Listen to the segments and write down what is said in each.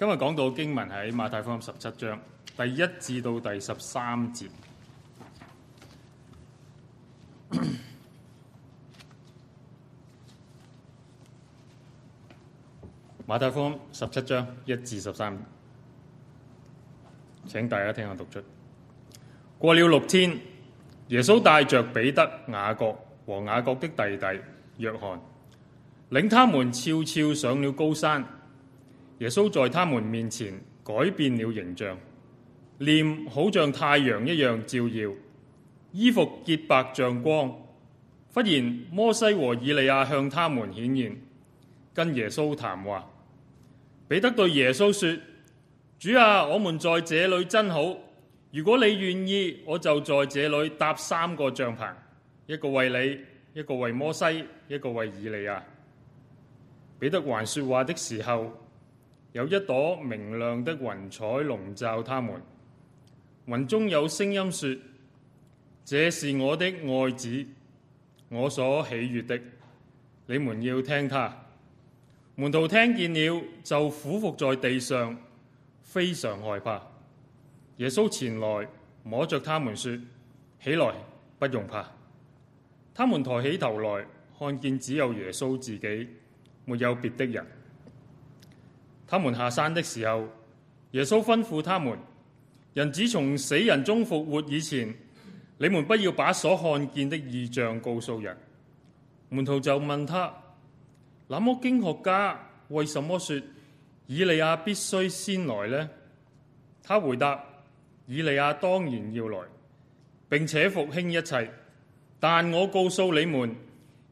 今日講到經文喺馬太福音十七章第一至到第十三節， 馬太福音十七章一至十三，請大家聽下讀出。過了六天，耶穌帶著彼得、雅各和雅各的弟弟約翰，領他們悄悄上了高山。耶穌在他們面前改變了形象，臉好像太陽一樣照耀，衣服潔白像光。忽然摩西和以利亞向他們顯現，跟耶穌談話。彼得對耶穌說：主啊，我們在這裏真好，如果你願意，我就在這裏搭三個帳棚，一個為你，一個為摩西，一個為以利亞。彼得還說話的時候。有一朵明亮的雲彩籠罩他們，雲中有聲音說：這是我的愛子，我所喜悅的，你們要聽他。門徒聽見了，就俯伏在地上，非常害怕。耶穌前來摸着他們說：起來，不用怕。他們抬起頭來，看見只有耶穌自己，沒有別的人。他們下山的時候，耶穌吩咐他們：人子從死人中復活以前，你們不要把所看見的異象告訴人。門徒就問他：那麼經學家為什麼說以利亞必須先來呢？他回答：以利亞當然要來，並且復興一切。但我告訴你們，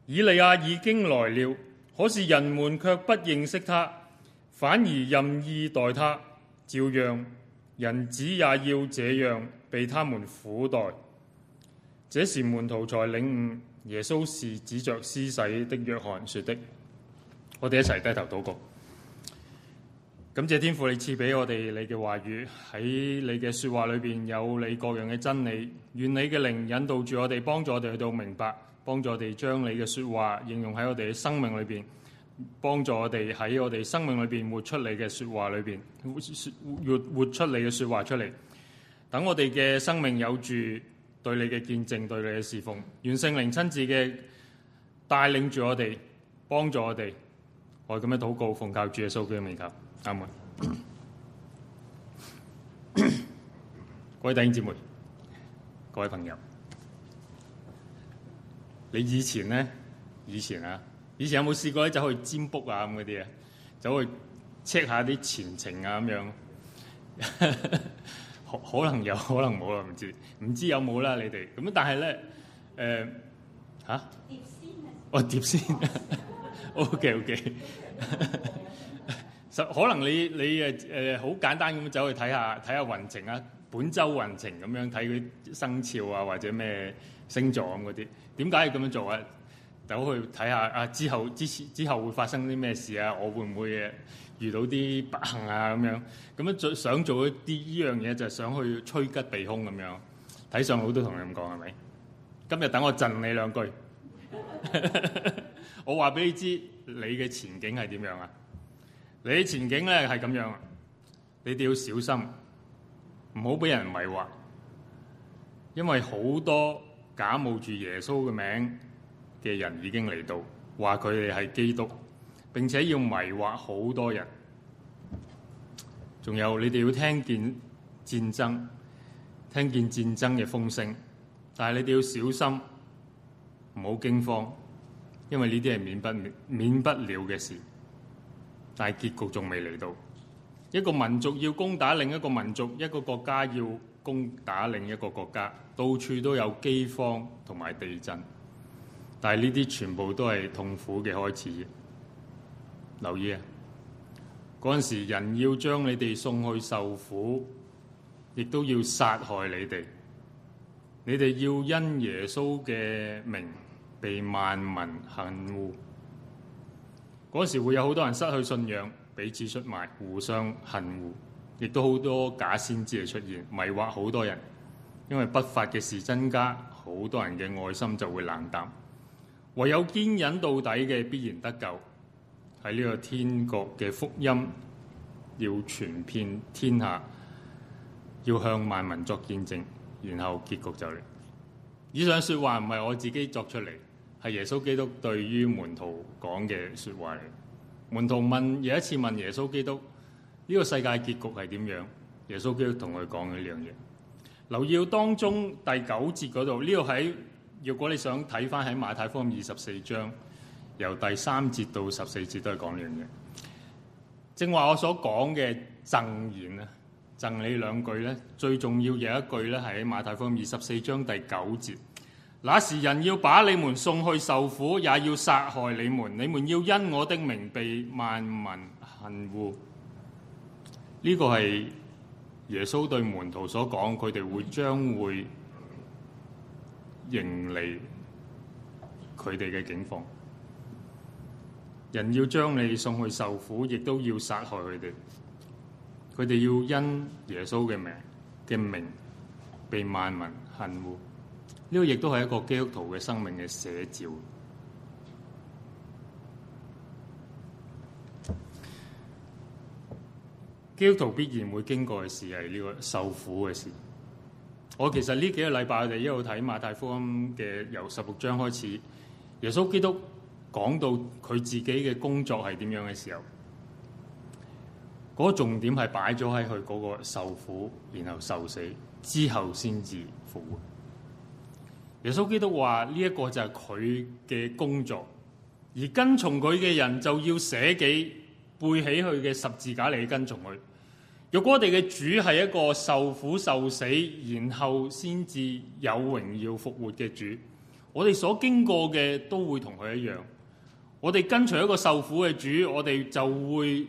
以利亞已經來了，可是人們卻不認識他。反而任意待他，照樣人子也要這樣被他們苦待。這是門徒才領悟耶穌是指着施洗的約翰說的。我哋一齊低頭禱告。感謝天父，你賜給我哋你嘅話語，喺你嘅說話裏邊有你各樣嘅真理。願你嘅靈引導住我哋，幫助我哋去到明白，幫助我哋將你嘅說話應用喺我哋嘅生命裏邊。幫助我哋喺我哋生命裏邊活出你嘅說話裏邊，越活出你嘅說話出嚟，等我哋嘅生命有住對你嘅見證，對你嘅侍奉。願聖靈親自嘅帶領住我哋，幫助我哋，我咁樣禱告，奉靠主嘅耶穌基督嘅名，阿門。咳咳，各位弟兄姊妹，各位朋友，你以前呢？以前啊。以前有冇試過咧，走去占卜啊咁嗰啲啊，走去 check 下啲前程啊咁樣，可 可能有可能冇、呃、啊，唔知唔知有冇啦你哋。咁但係咧誒嚇，我碟仙 o k OK，十 okay. 可能你你誒誒好簡單咁走去睇下睇下運程啊，本周運程咁樣睇佢啲生肖啊或者咩星座嗰啲，點解要咁樣做啊？走去睇下啊！之後之前之後會發生啲咩事啊？我會唔會遇到啲不幸啊？咁樣咁樣、嗯嗯、想做一啲依樣嘢，就係想去趨吉避凶咁樣。睇相好多同你咁講係咪？今日等我贈你兩句。 我話俾你知，你嘅前景係點樣啊？你嘅前景咧係咁樣，你哋要小心，唔好俾人迷惑，因為好多假冒住耶穌嘅名。嘅人已經嚟到，話佢哋係基督，並且要迷惑好多人。仲有，你哋要聽見戰爭，聽見戰爭嘅風聲，但係你哋要小心，唔好驚慌，因為呢啲係免不免不了嘅事。但係結局仲未嚟到，一個民族要攻打另一個民族，一個國家要攻打另一個國家，到處都有饑荒同埋地震。但係呢啲全部都係痛苦嘅開始。留意啊，嗰時人要將你哋送去受苦，亦都要殺害你哋。你哋要因耶穌嘅名被萬民恨惡。嗰陣時會有好多人失去信仰，彼此出賣，互相恨惡，亦都好多假先知嚟出現，迷惑好多人。因為不法嘅事增加，好多人嘅愛心就會冷淡。唯有堅忍到底嘅必然得救。喺呢個天國嘅福音要傳遍天下，要向萬民作見證，然後結局就嚟。以上說話唔係我自己作出嚟，係耶穌基督對於門徒講嘅說話嚟。門徒問，有一次問耶穌基督，呢個世界結局係點樣？耶穌基督同佢講呢樣嘢。留意到當中第九節嗰度，呢個喺。如果你想睇翻喺馬太福音二十四章，由第三節到十四節都係講呢樣嘢。正話我所講嘅贈言啊，贈你兩句咧，最重要有一句咧係喺馬太福音二十四章第九節。那時人要把你們送去受苦，也要殺害你們。你們要因我的名被萬民恨惡。呢、這個係耶穌對門徒所講，佢哋會將會。迎嚟佢哋嘅境況，人要將你送去受苦，亦都要殺害佢哋。佢哋要因耶穌嘅名嘅名被萬民恨惡。呢、這個亦都係一個基督徒嘅生命嘅寫照。基督徒必然會經過嘅事係呢個受苦嘅事。我其實呢幾個禮拜，我哋一路睇馬太福音嘅，由十六章開始，耶穌基督講到佢自己嘅工作係點樣嘅時候，嗰、那個重點係擺咗喺佢嗰個受苦，然後受死之後先至復活。耶穌基督話呢一個就係佢嘅工作，而跟從佢嘅人就要捨己背起佢嘅十字架嚟跟從佢。如果我哋嘅主係一個受苦受死，然後先至有榮耀復活嘅主，我哋所經過嘅都會同佢一樣。我哋跟隨一個受苦嘅主，我哋就會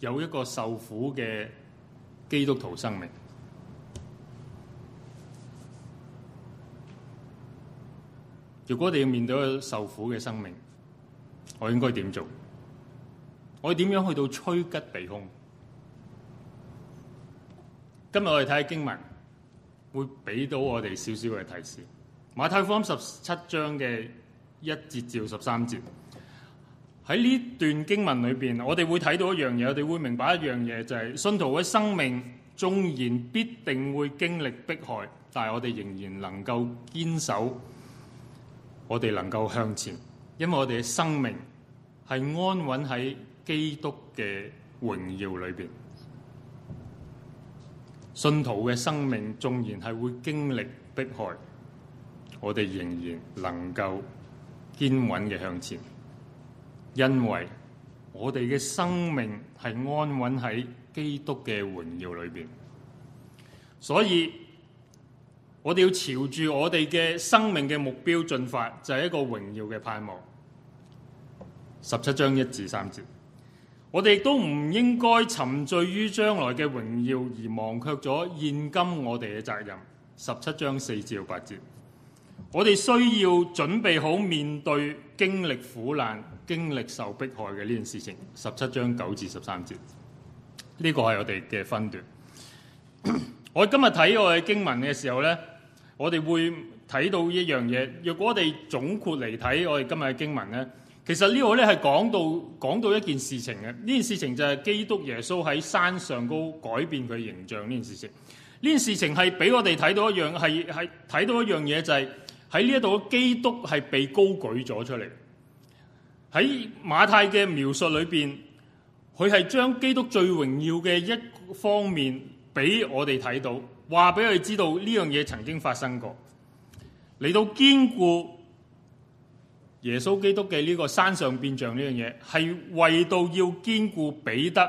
有一個受苦嘅基督徒生命。如果我哋要面對受苦嘅生命，我應該點做？我點樣去到趨吉避凶？今日我哋睇下經文，會俾到我哋少少嘅提示。馬太福音十七章嘅一節至十三節，喺呢段經文裏邊，我哋會睇到一樣嘢，我哋會明白一樣嘢，就係信徒嘅生命，縱然必定會經歷迫害，但係我哋仍然能夠堅守，我哋能夠向前，因為我哋嘅生命係安穩喺基督嘅榮耀裏邊。信徒嘅生命縱然係會經歷迫害，我哋仍然能夠堅穩嘅向前，因為我哋嘅生命係安穩喺基督嘅榮耀裏面，所以，我哋要朝住我哋嘅生命嘅目標進發，就係一個榮耀嘅盼望。十七章一至三節。我哋亦都唔應該沉醉於將來嘅榮耀，而忘卻咗現今我哋嘅責任。十七章四至八節，我哋需要準備好面對經歷苦難、經歷受迫害嘅呢件事情。十七章九至十三節，呢、這個係我哋嘅分段。 我哋今日睇我哋嘅經文嘅時候咧，我哋會睇到一樣嘢。若果我哋總括嚟睇我哋今日嘅經文咧，其實呢個咧係講到講到一件事情嘅，呢件事情就係基督耶穌喺山上高改變佢形象呢件事情。呢件事情係俾我哋睇到一樣，係係睇到一樣嘢就係喺呢一度基督係被高舉咗出嚟。喺馬太嘅描述裏邊，佢係將基督最榮耀嘅一方面俾我哋睇到，話俾我哋知道呢樣嘢曾經發生過，嚟到堅固。耶穌基督嘅呢個山上變像呢樣嘢，係為到要堅固彼得、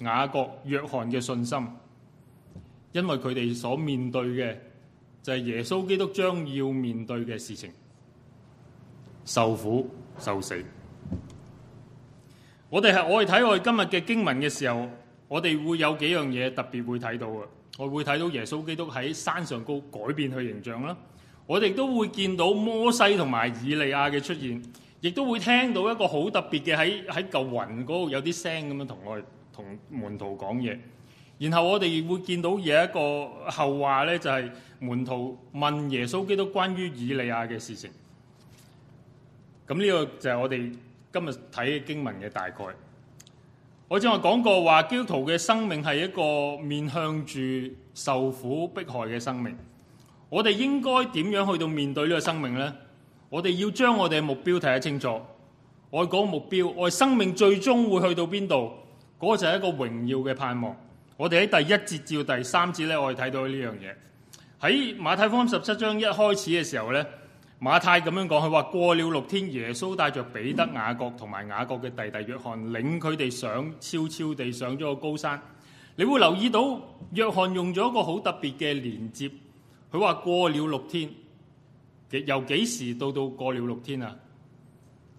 雅各、約翰嘅信心，因為佢哋所面對嘅就係耶穌基督將要面對嘅事情，受苦受死。我哋係我哋睇我哋今日嘅經文嘅時候，我哋會有幾樣嘢特別會睇到嘅，我會睇到耶穌基督喺山上高改變佢形象啦。我哋都會見到摩西同埋以利亞嘅出現，亦都會聽到一個好特別嘅喺喺嚿雲嗰度有啲聲咁樣同我哋同門徒講嘢。然後我哋會見到有一個後話咧，就係、是、門徒問耶穌基督關於以利亞嘅事情。咁、這、呢個就係我哋今日睇經文嘅大概。我正話講過話，基督徒嘅生命係一個面向住受苦迫害嘅生命。我哋應該點樣去到面對呢個生命呢？我哋要將我哋嘅目標睇得清楚。我哋講目標，我哋生命最終會去到邊度？嗰個就係一個榮耀嘅盼望。我哋喺第一節至到第三節咧，我哋睇到呢樣嘢。喺馬太福音十七章一開始嘅時候呢，馬太咁樣講，佢話過了六天，耶穌帶着彼得、雅各同埋雅各嘅弟弟約翰，領佢哋上悄悄地上咗個高山。你會留意到，約翰用咗一個好特別嘅連接。佢話過了六天，由幾時到到過了六天啊？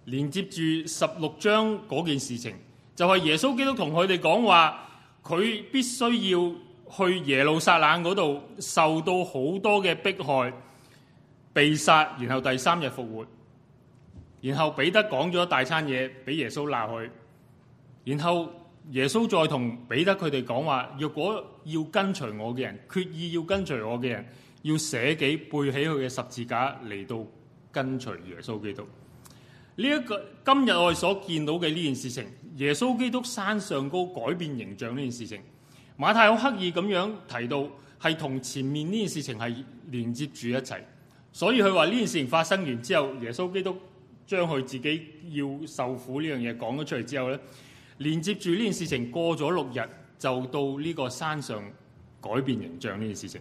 連接住十六章嗰件事情，就係耶穌基督同佢哋講話，佢必須要去耶路撒冷嗰度受到好多嘅迫害，被殺，然後第三日復活。然後彼得講咗一大餐嘢俾耶穌鬧佢，然後耶穌再同彼得佢哋講話：若果要跟隨我嘅人，決意要跟隨我嘅人。要捨己，背起佢嘅十字架嚟到跟隨耶穌基督。呢一個今日我哋所見到嘅呢件事情，耶穌基督山上高改變形象呢件事情，馬太好刻意咁樣提到，係同前面呢件事情係連接住一齊。所以佢話呢件事情發生完之後，耶穌基督將佢自己要受苦呢樣嘢講咗出嚟之後呢，連接住呢件事情過咗六日，就到呢個山上改變形象呢件事情。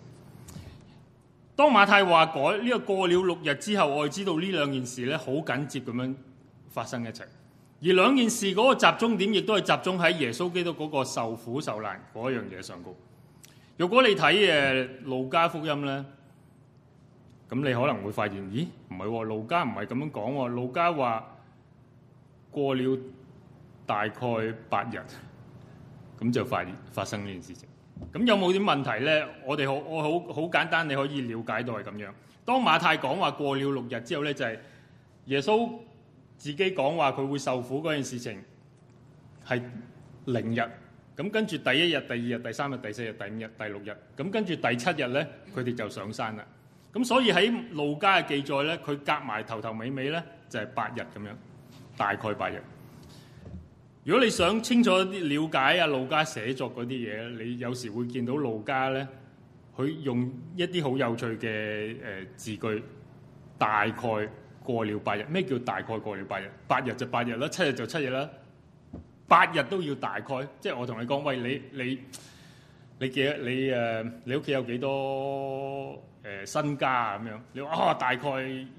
當馬太話改呢個過了六日之後，我哋知道呢兩件事咧，好緊接咁樣發生一齊，而兩件事嗰個集中點，亦都係集中喺耶穌基督嗰個受苦受難嗰一樣嘢上高。如果你睇，誒，路加福音咧，咁你可能會發現，咦，唔係路加唔係咁樣講，路加話過了大概八日，咁就發現發生呢件事情。咁有冇啲問題呢？我哋好，我好好簡單，你可以了解到係咁樣。當馬太講話過了六日之後呢，就係耶穌自己講話佢會受苦嗰件事情係零日。咁跟住第一日、第二日、第三日、第四日、第五日、第六日，咁跟住第七日呢，佢哋就上山啦。咁所以喺路加嘅記載呢，佢夾埋頭頭尾尾呢，就係八日咁樣，大概八日。如果你想清楚啲了解阿路加寫作嗰啲嘢，你有時會見到路加咧，佢用一啲好有趣嘅誒字句，大概過了八日。咩叫大概過了八日？八日就八日啦，七日就七日啦，八日都要大概。即係我同你講，喂，你你。你記得你誒你屋企有幾多誒、呃、身家啊？咁樣你話啊、哦，大概一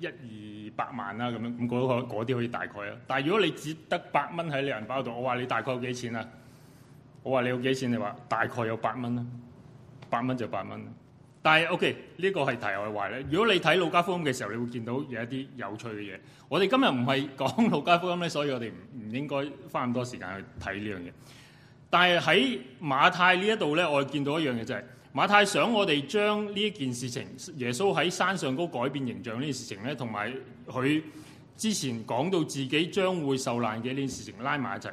二百萬啦咁樣。咁嗰個嗰啲可以大概啊。但係如果你只得百蚊喺你銀包度，我話你大概有幾錢啊？我話你有幾錢？你話大概有百蚊啊。百蚊就百蚊。但係 OK，呢個係題外話咧。如果你睇路加福音嘅時候，你會見到有一啲有趣嘅嘢。我哋今日唔係講路加福音咧，所以我哋唔唔應該花咁多時間去睇呢樣嘢。但係喺馬太呢一度咧，我哋見到一樣嘢就係馬太想我哋將呢一件事情，耶穌喺山上高改變形象呢件事情咧，同埋佢之前講到自己將會受難嘅呢件事情拉埋一齊。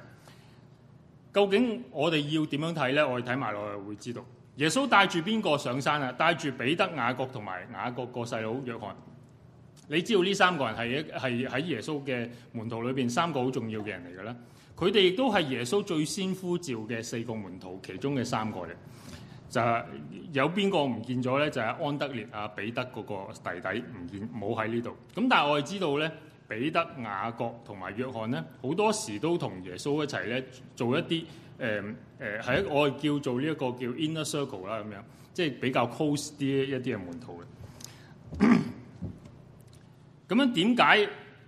究竟我哋要點樣睇咧？我哋睇埋落去會知道。耶穌帶住邊個上山啊？帶住彼得、雅各同埋雅各個細佬約翰。你知道呢三個人係一係喺耶穌嘅門徒裏邊三個好重要嘅人嚟嘅啦。佢哋亦都係耶穌最先呼召嘅四個門徒其中嘅三個咧，就係有邊個唔見咗咧？就係、是、安德烈啊、彼得嗰個弟弟唔見冇喺呢度。咁但係我哋知道咧，彼得、雅各同埋約翰咧，好多時都同耶穌一齊咧做一啲誒誒，係、呃、一、呃、我哋叫做呢、這、一個叫 inner circle 啦，咁樣即係比較 close 啲一啲嘅門徒嘅。咁樣點解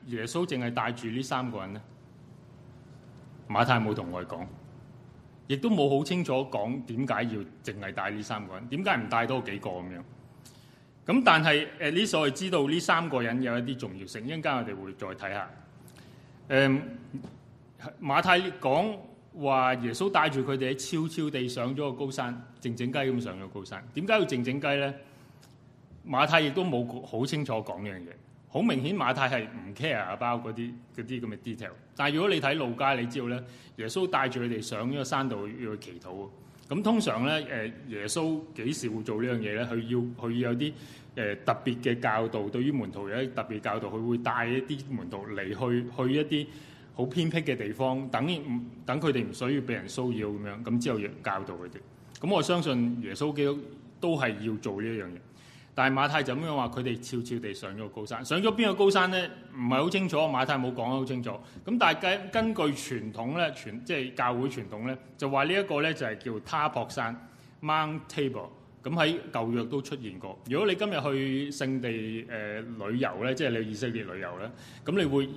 耶穌淨係帶住呢三個人咧？馬太冇同我講，亦都冇好清楚講點解要淨係帶呢三個人，點解唔帶多幾個咁樣？咁但係誒呢，我哋知道呢三個人有一啲重要性，一陣間我哋會再睇下。誒、嗯，馬太講話耶穌帶住佢哋悄悄地上咗個高山，靜靜雞咁上咗高山。點解要靜靜雞咧？馬太亦都冇好清楚講呢樣嘢。好明顯，馬太係唔 care 阿包啲啲咁嘅 detail。但係如果你睇路加，你知道咧，耶穌帶住佢哋上呢個山度要去祈禱。咁通常咧，誒耶穌幾時會做這事呢樣嘢咧？佢要佢要有啲誒特別嘅教導，對於門徒有啲特別的教導，佢會帶一啲門徒嚟去去一啲好偏僻嘅地方，等唔等佢哋唔需要俾人騷擾咁樣。咁之後要教導佢哋。咁我相信耶穌基督都係要做呢一樣嘢。但係馬太就咁樣話，佢哋悄悄地上咗個高山，上咗邊個高山咧？唔係好清楚，馬太冇講得好清楚。咁但係根根據傳統咧，傳即係教會傳統咧，就話呢一個咧就係叫他柏、ok、山 （Mount t a b l e 咁喺舊約都出現過。如果你今日去聖地誒旅遊咧，即係你去以色列旅遊咧，咁你會誒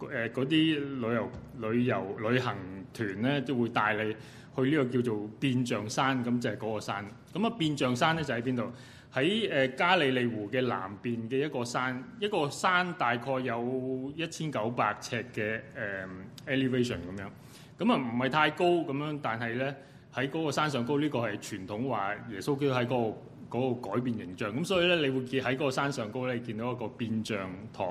誒嗰啲旅遊旅遊旅行團咧，都會帶你去呢個叫做變象山，咁就係嗰個山。咁啊變象山咧就喺邊度？喺誒加利利湖嘅南邊嘅一個山，一個山大概有一千九百尺嘅、嗯、誒 elevation 咁樣，咁啊唔係太高咁樣，但係咧喺嗰山上高呢、呢個係傳統話耶穌基督喺個、嗰個改變形象，咁所以咧你會見喺嗰山上高咧見到一個變像堂，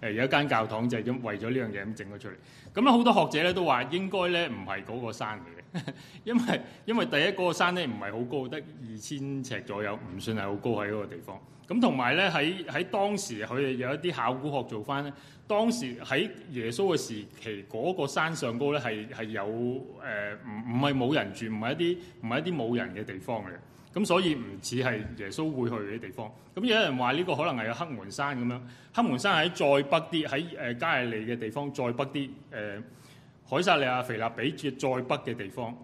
誒有一間教堂就係咁為咗呢樣嘢咁整咗出嚟，咁啊好多學者咧都話應該咧唔係個山嚟嘅。 因為因為第一嗰個山咧唔係好高，得二千尺左右，唔算係好高喺嗰個地方。咁同埋咧喺喺當時佢哋有一啲考古學做翻咧，當時喺耶穌嘅時期嗰個山上高咧係係有誒唔唔係冇人住，唔係一啲唔係一啲冇人嘅地方嚟。咁所以唔似係耶穌會去嘅地方。咁有人話呢個可能係黑門山咁樣，黑門山喺再北啲，喺誒加利利嘅地方再北啲誒。呃凱撒利亞、腓立比至再北嘅地方，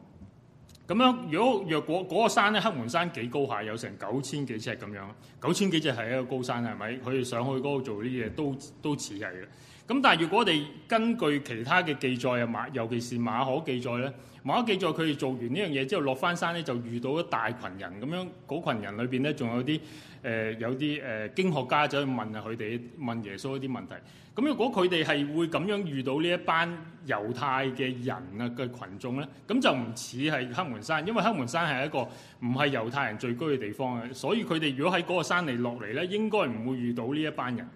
咁樣如果若果嗰、那個山咧，黑門山幾高下？有成九千幾尺咁樣，九千幾尺係一個高山啦，係咪？佢哋上去嗰度做啲嘢都都似係嘅。咁但係如果我哋根據其他嘅記載啊，馬尤其是馬可記載咧，馬可記載佢哋做完呢樣嘢之後落翻山咧，就遇到一大群人，咁樣嗰羣人裏邊咧仲有啲誒、呃、有啲誒、呃、經學家走去問下佢哋問耶穌一啲問題。咁如果佢哋係會咁樣遇到呢一班猶太嘅人啊嘅群眾咧，咁就唔似係黑門山，因為黑門山係一個唔係猶太人聚居嘅地方啊。所以佢哋如果喺嗰個山嚟落嚟咧，應該唔會遇到呢一班人。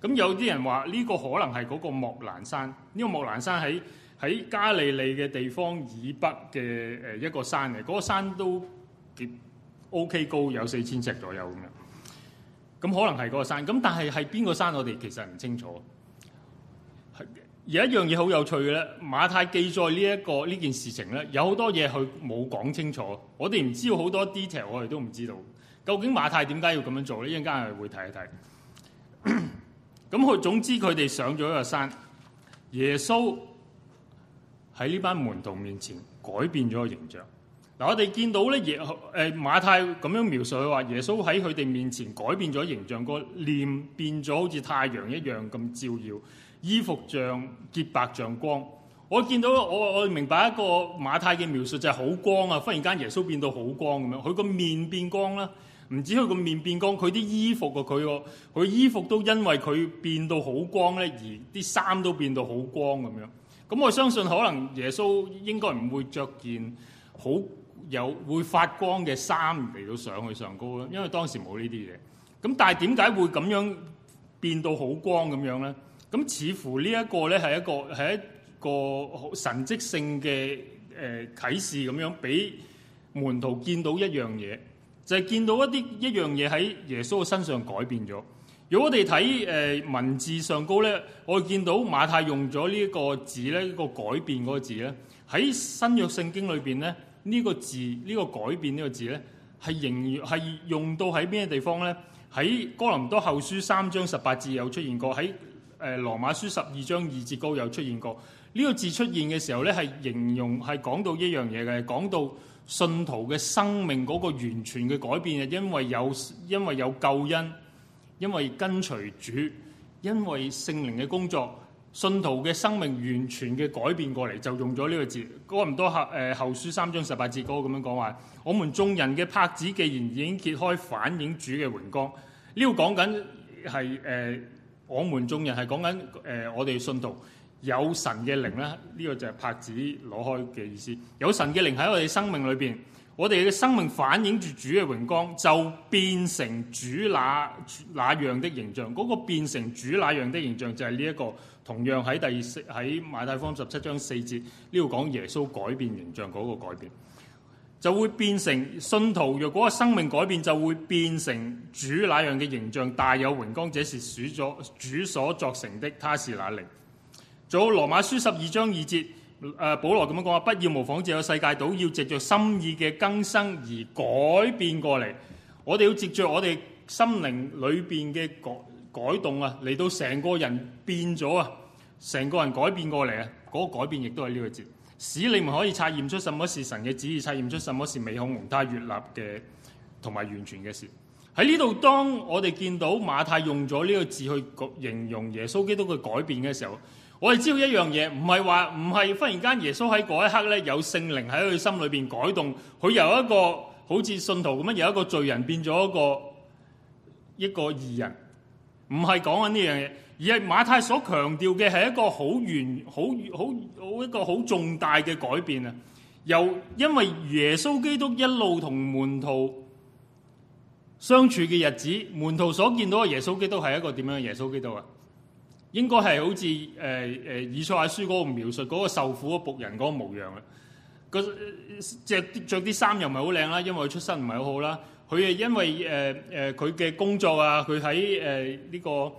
咁有啲人話呢個可能係嗰個莫蘭山，呢個莫蘭山喺喺加利利嘅地方以北嘅誒一個山嚟。嗰個山都幾 O K 高，有四千尺左右咁樣。咁可能係嗰個山，咁但係係邊個山，我哋其實唔清楚。有一樣嘢好有趣咧，馬太記載呢一個呢件事情咧，有好多嘢佢冇講清楚，我哋唔知好多 detail，我哋都唔知道，很多我不知道究竟馬太點解要咁樣做咧？一陣間我哋會睇一睇。咁佢 總之佢哋上咗一個山，耶穌喺呢班門徒面前改變咗個形象。嗱，我哋見到咧，耶誒馬太咁樣描述佢話，耶穌喺佢哋面前改變咗形象，個臉變咗好似太陽一樣咁照耀。衣服像潔白，像光。我見到我我明白一個馬太嘅描述就係好光啊！忽然間耶穌變到好光咁樣，佢個面變光啦，唔止佢個面變光，佢啲衣服個佢個佢衣服都因為佢變到好光咧，而啲衫都變到好光咁樣。咁我相信可能耶穌應該唔會着件好有會發光嘅衫嚟到上去上高啦，因為當時冇呢啲嘢。咁但係點解會咁樣變到好光咁樣咧？咁似乎呢一個咧係一個係一個神蹟性嘅誒啟示咁樣，俾門徒見到一樣嘢，就係、是、見到一啲一樣嘢喺耶穌嘅身上改變咗。如果我哋睇、呃、文字上高咧，我見到馬太用咗呢一個字咧，一個改變嗰、這個字咧，喺新約聖經裏面咧，呢個字呢個改變呢個字咧，係仍然係用到喺咩地方咧？喺哥林多後書三章十八字有出現過喺。誒《羅馬書》十二章二節高有出現過，呢個字出現嘅時候咧，係形容係講到一樣嘢嘅，講到信徒嘅生命嗰個完全嘅改變，係因為有因為有救恩，因為跟隨主，因為聖靈嘅工作，信徒嘅生命完全嘅改變過嚟，就用咗呢個字。過唔多下誒《後書》三章十八節高咁樣講話，我們眾人嘅拍子既然已經揭開反映主嘅榮光，呢度講緊係誒。呃我們眾人係講緊誒，我哋信徒有神嘅靈咧，呢、這個就係拍子攞開嘅意思。有神嘅靈喺我哋生命裏邊，我哋嘅生命反映住主嘅榮光，就變成主那主那樣的形象。嗰、那個變成主那樣的形象就是、這個，就係呢一個同樣喺第二喺馬太福音十七章四節呢度講耶穌改變形象嗰、那個改變。就會變成信徒，若果生命改變，就會變成主那樣嘅形象，大有榮光，者，是主所主所作成的，他是那靈。仲有羅馬書十二章二節，誒、啊、保羅咁樣講啊，不要模仿這個世界，倒要藉着心意嘅更生而改變過嚟。我哋要藉着我哋心靈裏邊嘅改改動啊，嚟到成個人變咗啊，成個人改變過嚟啊，嗰、那個、改變亦都係呢個節。使你唔可以察驗出什麼是神嘅旨意，察驗出什麼是美好、宏大、悦立嘅同埋完全嘅事。喺呢度，當我哋見到馬太用咗呢個字去形容耶穌基督嘅改變嘅時候，我哋知道一樣嘢，唔係話唔係忽然間耶穌喺嗰一刻咧有聖靈喺佢心裏邊改動，佢由一個好似信徒咁樣，由一個罪人變咗一個一個義人，唔係講緊呢樣嘢。而係馬太所強調嘅係一個好完、好好好一個好重大嘅改變啊！由因為耶穌基督一路同門徒相處嘅日子，門徒所見到嘅耶穌基督係一個點樣嘅耶穌基督啊？應該係好似誒誒《以賽亞書》嗰個描述嗰個受苦嘅僕人嗰個模樣啊！佢著啲衫又唔係好靚啦，因為佢出身唔係好好啦。佢係因為誒誒佢嘅工作啊，佢喺誒呢個。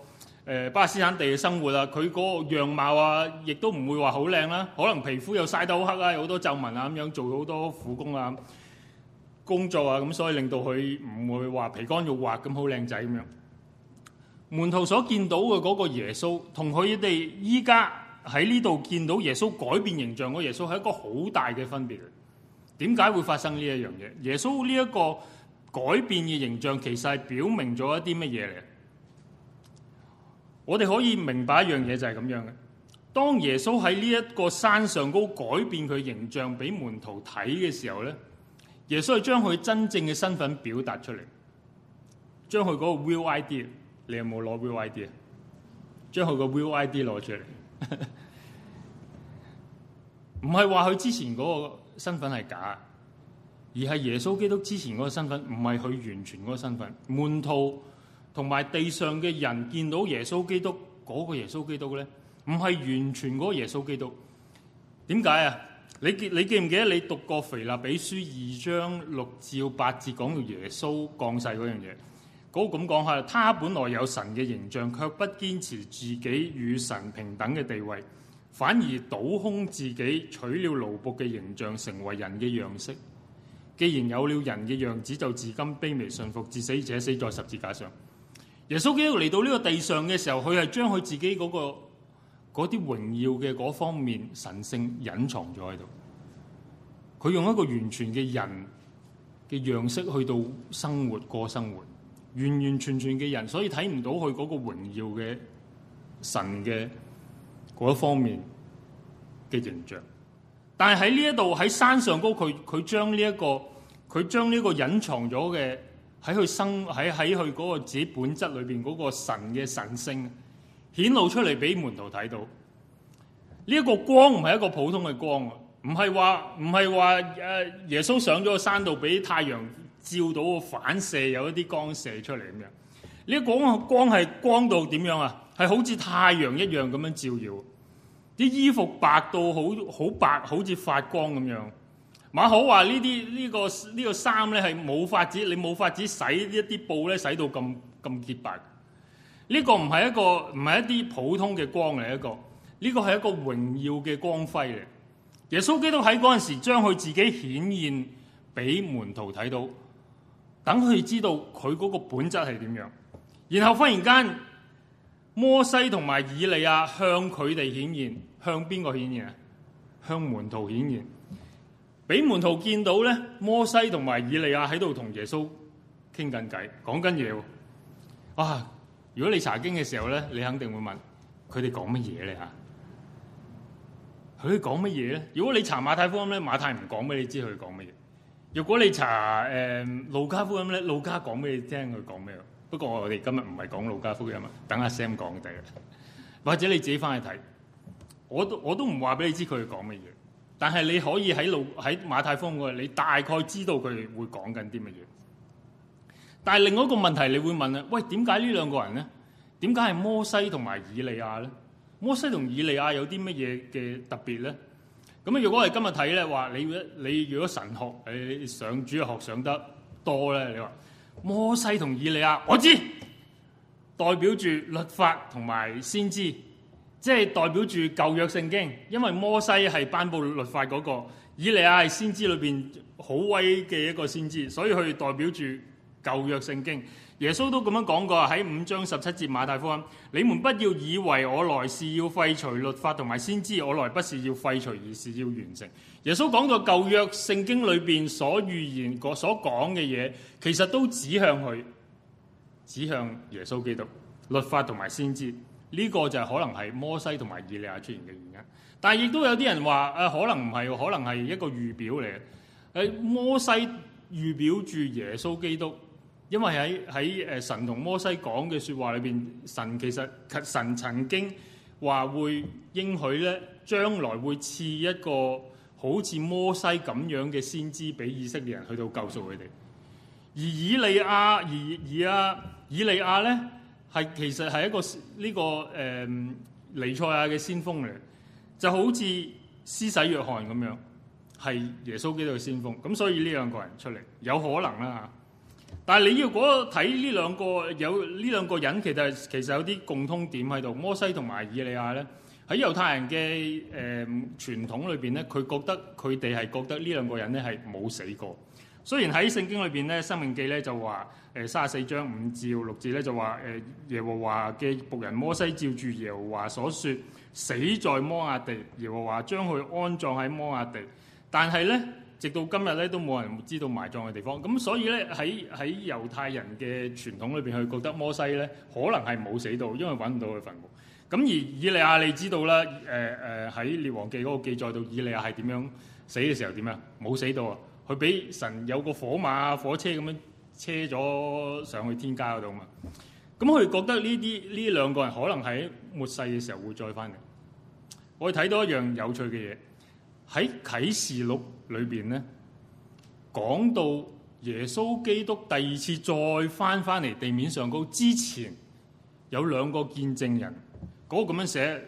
誒巴勒斯坦地嘅生活啊，佢嗰個樣貌啊，亦都唔會話好靚啦。可能皮膚又曬得好黑啊，有好多皺紋啊，咁樣做好多苦工啊、工作啊，咁所以令到佢唔會話皮乾肉滑咁好靚仔咁樣。門徒所見到嘅嗰個耶穌，同佢哋依家喺呢度見到耶穌改變形象嘅耶穌，係一個好大嘅分別嚟。點解會發生呢一樣嘢？耶穌呢一個改變嘅形象，其實係表明咗一啲乜嘢嚟？我哋可以明白一樣嘢就係咁樣嘅。當耶穌喺呢一個山上高改變佢形象俾門徒睇嘅時候咧，耶穌係將佢真正嘅身份表達出嚟，將佢嗰個 Real ID，你有冇攞 Real ID 啊？將佢個 Real ID 攞出嚟，唔係話佢之前嗰個身份係假，而係耶穌基督之前嗰個身份唔係佢完全嗰個身份，門徒，同埋地上嘅人見到耶穌基督嗰個耶穌基督咧，唔係完全嗰耶穌基督。點解啊？你你記唔記得你讀過腓立比書二章六至八節講到耶穌降世嗰樣嘢？嗰個咁講下，他本來有神嘅形象，卻不堅持自己與神平等嘅地位，反而倒空自己，取了奴僕嘅形象，成為人嘅樣式。既然有了人嘅樣子，就至今卑微順服，至死者死在十字架上。耶穌基督嚟到呢個地上嘅時候，佢係將佢自己嗰、嗰個嗰啲榮耀嘅嗰方面神性隱藏咗喺度。佢用一個完全嘅人嘅樣式去到生活過生活，完完全全嘅人，所以睇唔到佢嗰個榮耀嘅神嘅嗰一方面嘅形象。但係喺呢一度喺山上高，佢佢將呢、呢、一個佢將呢個隱藏咗嘅。喺佢生喺喺佢個自己本質裏邊嗰、那個神嘅神聖顯露出嚟俾門徒睇到。呢、這、一個光唔係一個普通嘅光啊，唔係話唔係話誒耶穌上咗個山度俾太陽照到個反射有一啲光射出嚟咁、這個、樣。呢個光係光到點樣啊？係好似太陽一樣咁樣照耀，啲衣服白到好好白，好似發光咁樣。馬可話：呢啲呢個呢個衫咧係冇法子，你冇法子洗一啲布咧洗到咁咁潔白。呢個唔係一個唔係一啲普通嘅光嚟，一個呢個係一個榮耀嘅光輝嚟。耶穌基督喺嗰陣時將佢自己顯現俾門徒睇到，等佢知道佢嗰個本質係點樣。然後忽然間，摩西同埋以利亞向佢哋顯現，向邊個顯現啊？向門徒顯現。俾門徒見到咧，摩西同埋以利亞喺度同耶穌傾緊偈，講緊嘢喎。如果你查經嘅時候咧，你肯定會問佢哋講乜嘢咧嚇？佢講乜嘢咧？如果你查馬太福音咧，馬太唔講俾你知佢講乜嘢。如果你查誒路加福音咧，路加講俾你聽佢講咩？不過我哋今日唔係講路加福音啊，等阿 Sam 講嘅啫。或者你自己翻去睇，我都我都唔話俾你知佢講乜嘢。但係你可以喺路喺馬太福音，你大概知道佢會講緊啲乜嘢。但係另外一個問題，你會問啦，喂，點解呢兩個人咧？點解係摩西同埋以利亞咧？摩西同以利亞有啲乜嘢嘅特別咧？咁啊，如果係今日睇咧，話你你，如果神學誒上主學上得多咧，你話摩西同以利亞，我知代表住律法同埋先知。即係代表住舊約聖經，因為摩西係頒布律法嗰個，以利亞係先知裏面好威嘅一個先知，所以佢代表住舊約聖經。耶穌都咁樣講過喺五章十七節馬太福音：你們不要以為我來是要廢除律法同埋先知，我來不是要廢除，而是要完成。耶穌講過舊約聖經裏面所預言、所講嘅嘢，其實都指向佢，指向耶穌基督律法同埋先知。呢個就係可能係摩西同埋以利亞出現嘅原因，但係亦都有啲人話誒，可能唔係，可能係一個預表嚟嘅。誒、啊、摩西預表住耶穌基督，因為喺喺誒神同摩西講嘅説話裏邊，神其實神曾經話會應許咧，將來會賜一個好似摩西咁樣嘅先知俾以色列人去到救贖佢哋，而以利亞而而阿以，以利亞咧。係其實係一個呢、這個誒、嗯、尼賽亞嘅先鋒嚟，就好似施洗約翰咁樣，係耶穌基督嘅先鋒。咁所以呢兩個人出嚟，有可能啦吓、啊。但係你要如果睇呢兩個有呢兩個人其，其實其實有啲共通點喺度。摩西同埋以利亞咧，喺猶太人嘅誒、嗯、傳統裏邊咧，佢覺得佢哋係覺得呢兩個人咧係冇死過。雖然喺聖經裏邊咧，生命記咧就話。誒三十四章五至六字咧，就話誒，耶和華嘅僕人摩西照住耶和華所説，死在摩亞地，耶和華將佢安葬喺摩亞地。但係咧，直到今日咧都冇人知道埋葬嘅地方。咁所以咧喺喺猶太人嘅傳統裏邊，佢覺得摩西咧可能係冇死到，因為揾唔到佢墳墓。咁而以利亞你知道啦，誒誒喺列王記嗰個記載到，以利亞係點樣死嘅時候點啊？冇死到啊！佢俾神有個火馬火車咁樣。車咗上去天家嗰度嘛？咁佢覺得呢啲呢兩個人可能喺末世嘅時候會再翻嚟。我睇到一樣有趣嘅嘢，喺啟示錄裏邊咧，講到耶穌基督第二次再翻翻嚟地面上高之前，有兩個見證人，嗰個咁樣寫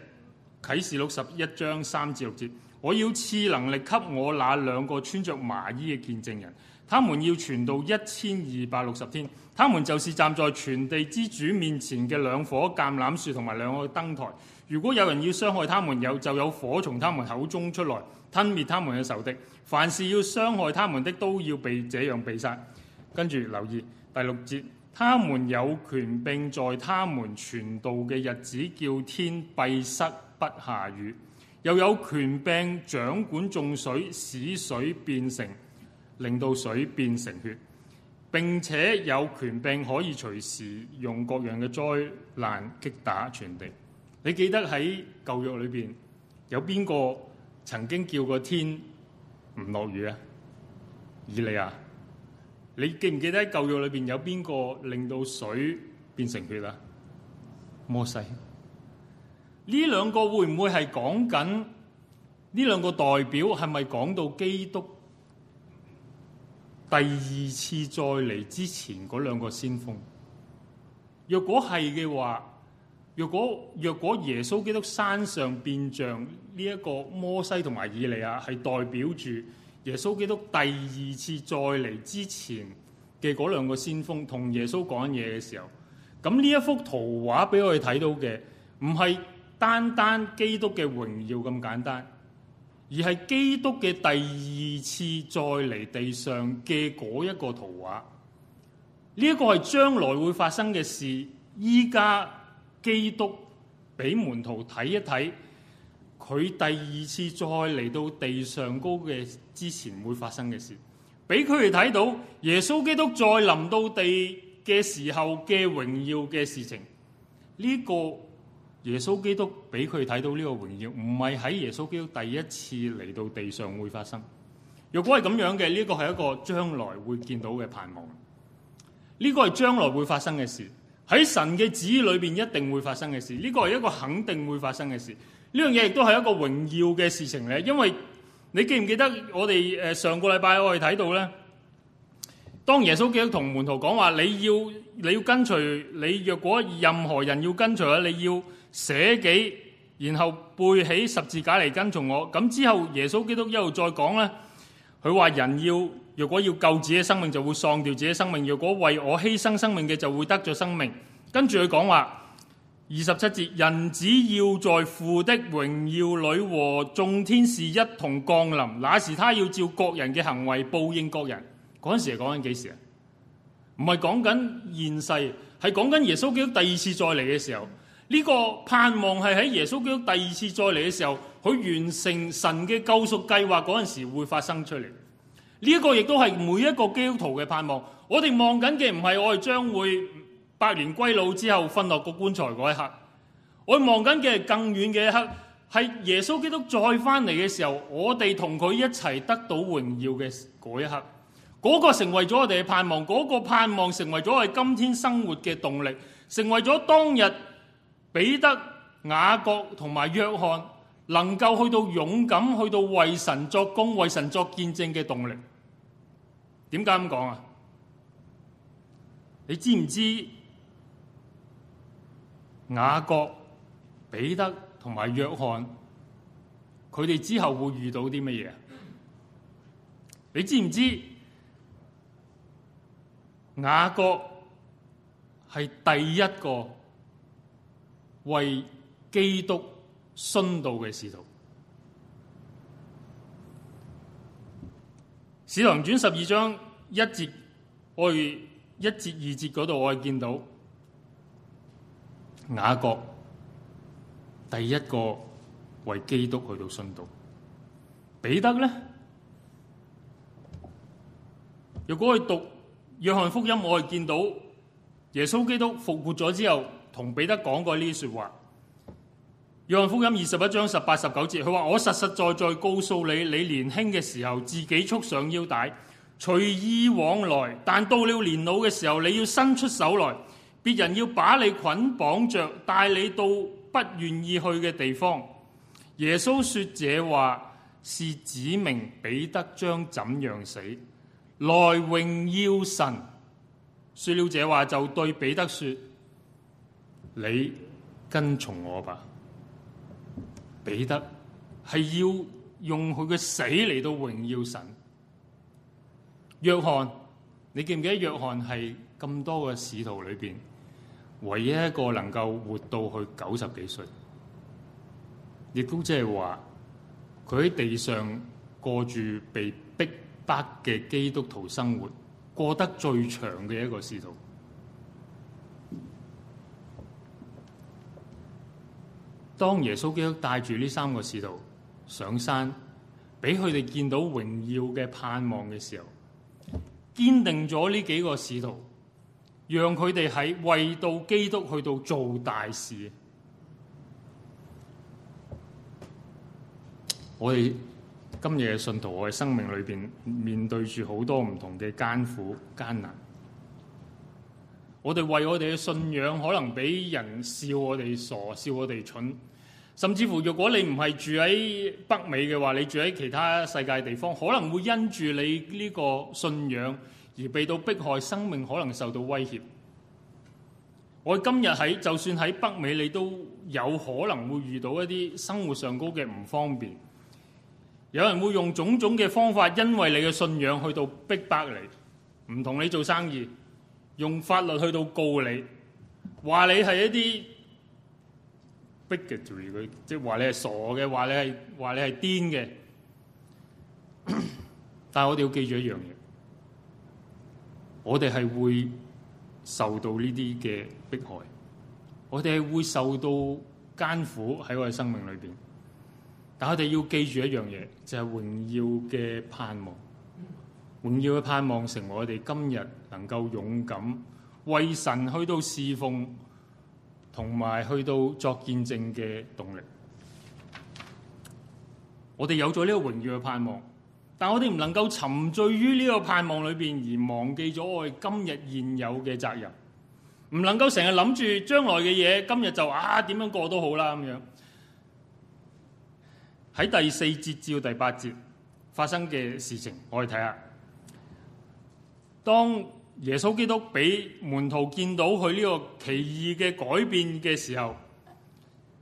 啟示錄十一章三至六節：我要賜能力給我那兩個穿着麻衣嘅見證人。他們要傳道一千二百六十天，他們就是站在全地之主面前嘅兩棵橄欖樹同埋兩個燈台。如果有人要傷害他們有，就有火從他們口中出來，吞滅他們嘅仇敵。凡是要傷害他們的，都要被這樣被殺。跟住留意第六節，他們有權柄在他們傳道嘅日子叫天閉塞不下雨，又有權柄掌管眾水，使水變成。令到水變成血，並且有權柄可以隨時用各樣嘅災難擊打全地。你記得喺舊約裏邊有邊個曾經叫過天唔落雨啊？以利亞啊，你記唔記得喺舊約裏邊有邊個令到水變成血啊？摩西，呢兩個會唔會係講緊呢兩個代表係咪講到基督？第二次再嚟之前嗰兩個先鋒，若果係嘅話，若果若果耶穌基督山上變像呢一個摩西同埋以利亞，係代表住耶穌基督第二次再嚟之前嘅嗰兩個先鋒同耶穌講嘢嘅時候，咁呢一幅圖畫俾我哋睇到嘅，唔係單單基督嘅榮耀咁簡單，而係基督嘅第二。次再嚟地上嘅嗰一個圖畫，呢個係將來會發生嘅事。依家基督俾門徒睇一睇，佢第二次再嚟到地上高嘅之前會發生嘅事，俾佢哋睇到耶穌基督再臨到地嘅時候嘅榮耀嘅事情。呢個耶穌基督俾佢哋睇到呢個榮耀，唔係喺耶穌基督第一次嚟到地上會發生。如果係咁樣嘅，呢個係一個將來會見到嘅盼望。呢個係將來會發生嘅事，喺神嘅旨意裏邊一定會發生嘅事。呢個係一個肯定會發生嘅事。呢樣嘢亦都係一個榮耀嘅事情咧，因為你記唔記得我哋誒上個禮拜我哋睇到咧？當耶穌基督同門徒講話，你要你要跟隨，你若果任何人要跟隨啊，你要捨己，然後背起十字架嚟跟從我。咁之後，耶穌基督一路再講咧。佢話人要如果要救自己的生命，就會喪掉自己的生命；如果為我犧牲生命嘅，就會得着生命。跟住佢講話二十七節：人只要在父的榮耀裏和眾天使一同降臨，那時他要照各人嘅行為報應各人。嗰陣時係講緊幾時啊？唔係講緊現世，係講緊耶穌基督第二次再嚟嘅時候。呢個盼望係喺耶穌基督第二次再嚟嘅時候。佢完成神嘅救贖計劃嗰陣時會發生出嚟，呢一個亦都係每一個基督徒嘅盼望。我哋望緊嘅唔係我哋將會百年歸老之後瞓落個棺材嗰一刻，我哋望緊嘅更遠嘅一刻，係耶穌基督再翻嚟嘅時候，我哋同佢一齊得到榮耀嘅嗰一刻。嗰個成為咗我哋嘅盼望，嗰個盼望成為咗我哋今天生活嘅動力，成為咗當日彼得、雅各同埋約翰。能夠去到勇敢，去到為神作工、為神作見證嘅動力，點解咁講啊？你知唔知雅各、彼得同埋約翰，佢哋之後會遇到啲乜嘢？你知唔知雅各係第一個為基督？殉道嘅使徒，使徒行傳十二章一節去一節二節嗰度，我哋見到雅各第一個為基督去到殉道，彼得呢？若果去讀約翰福音，我哋見到耶穌基督復活咗之後，同彼得講過呢啲說話。約翰福音二十一章十八十九節，佢話：我實實在在告訴你，你年輕嘅時候自己束上腰帶，隨意往來；但到了年老嘅時候，你要伸出手來，別人要把你捆綁綁着，帶你到不願意去嘅地方。耶穌說這話是指明彼得將怎樣死，來榮耀神。了說了這話就對彼得說：你跟從我吧。記得係要用佢嘅死嚟到榮耀神。約翰，你記唔記得？約翰係咁多個使徒裏邊，唯一一個能夠活到佢九十幾歲，亦都即係話佢喺地上過住被逼迫嘅基督徒生活，過得最長嘅一個使徒。當耶穌基督帶住呢三個使徒上山，俾佢哋見到榮耀嘅盼望嘅時候，堅定咗呢幾個使徒，讓佢哋喺為到基督去到做大事。我哋今日嘅信徒，我哋生命裏邊面面對住好多唔同嘅艱苦艱難，我哋為我哋嘅信仰可能俾人笑我哋傻，笑我哋蠢。甚至乎，如果你唔係住喺北美嘅話，你住喺其他世界的地方，可能會因住你呢個信仰而被到迫害，生命可能受到威脅。我今日喺，就算喺北美，你都有可能會遇到一啲生活上高嘅唔方便。有人會用種種嘅方法，因為你嘅信仰去到逼迫你，唔同你做生意，用法律去到告你，話你係一啲。逼嘅佢，即係話你係傻嘅，話你係話你係癲嘅。但係我哋要記住一樣嘢，我哋係會受到呢啲嘅迫害，我哋係會受到艱苦喺我哋生命裏邊。但係我哋要記住一樣嘢，就係、是、榮耀嘅盼望，榮耀嘅盼望成為我哋今日能夠勇敢為神去到侍奉。同埋去到作見證嘅動力，我哋有咗呢個榮耀嘅盼望，但我哋唔能夠沉醉於呢個盼望裏邊而忘記咗我哋今日現有嘅責任，唔能夠成日諗住將來嘅嘢，今日就啊點樣過都好啦咁樣。喺第四節至到第八節發生嘅事情，我哋睇下，當耶穌基督俾門徒見到佢呢個奇異嘅改變嘅時候，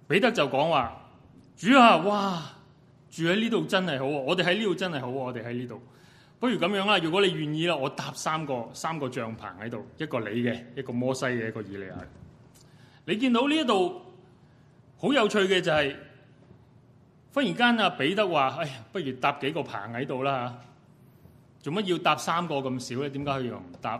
彼得就講話：主啊，哇，住喺呢度真係好，我哋喺呢度真係好，我哋喺呢度。不如咁樣啦，如果你願意啦，我搭三個三個帳棚喺度，一個你嘅，一個摩西嘅，一個以利亞。你見到呢一度好有趣嘅就係，忽然間啊，彼得話：哎呀，不如搭幾個棚喺度啦吓。做乜要搭三個咁少咧？點解佢又唔搭？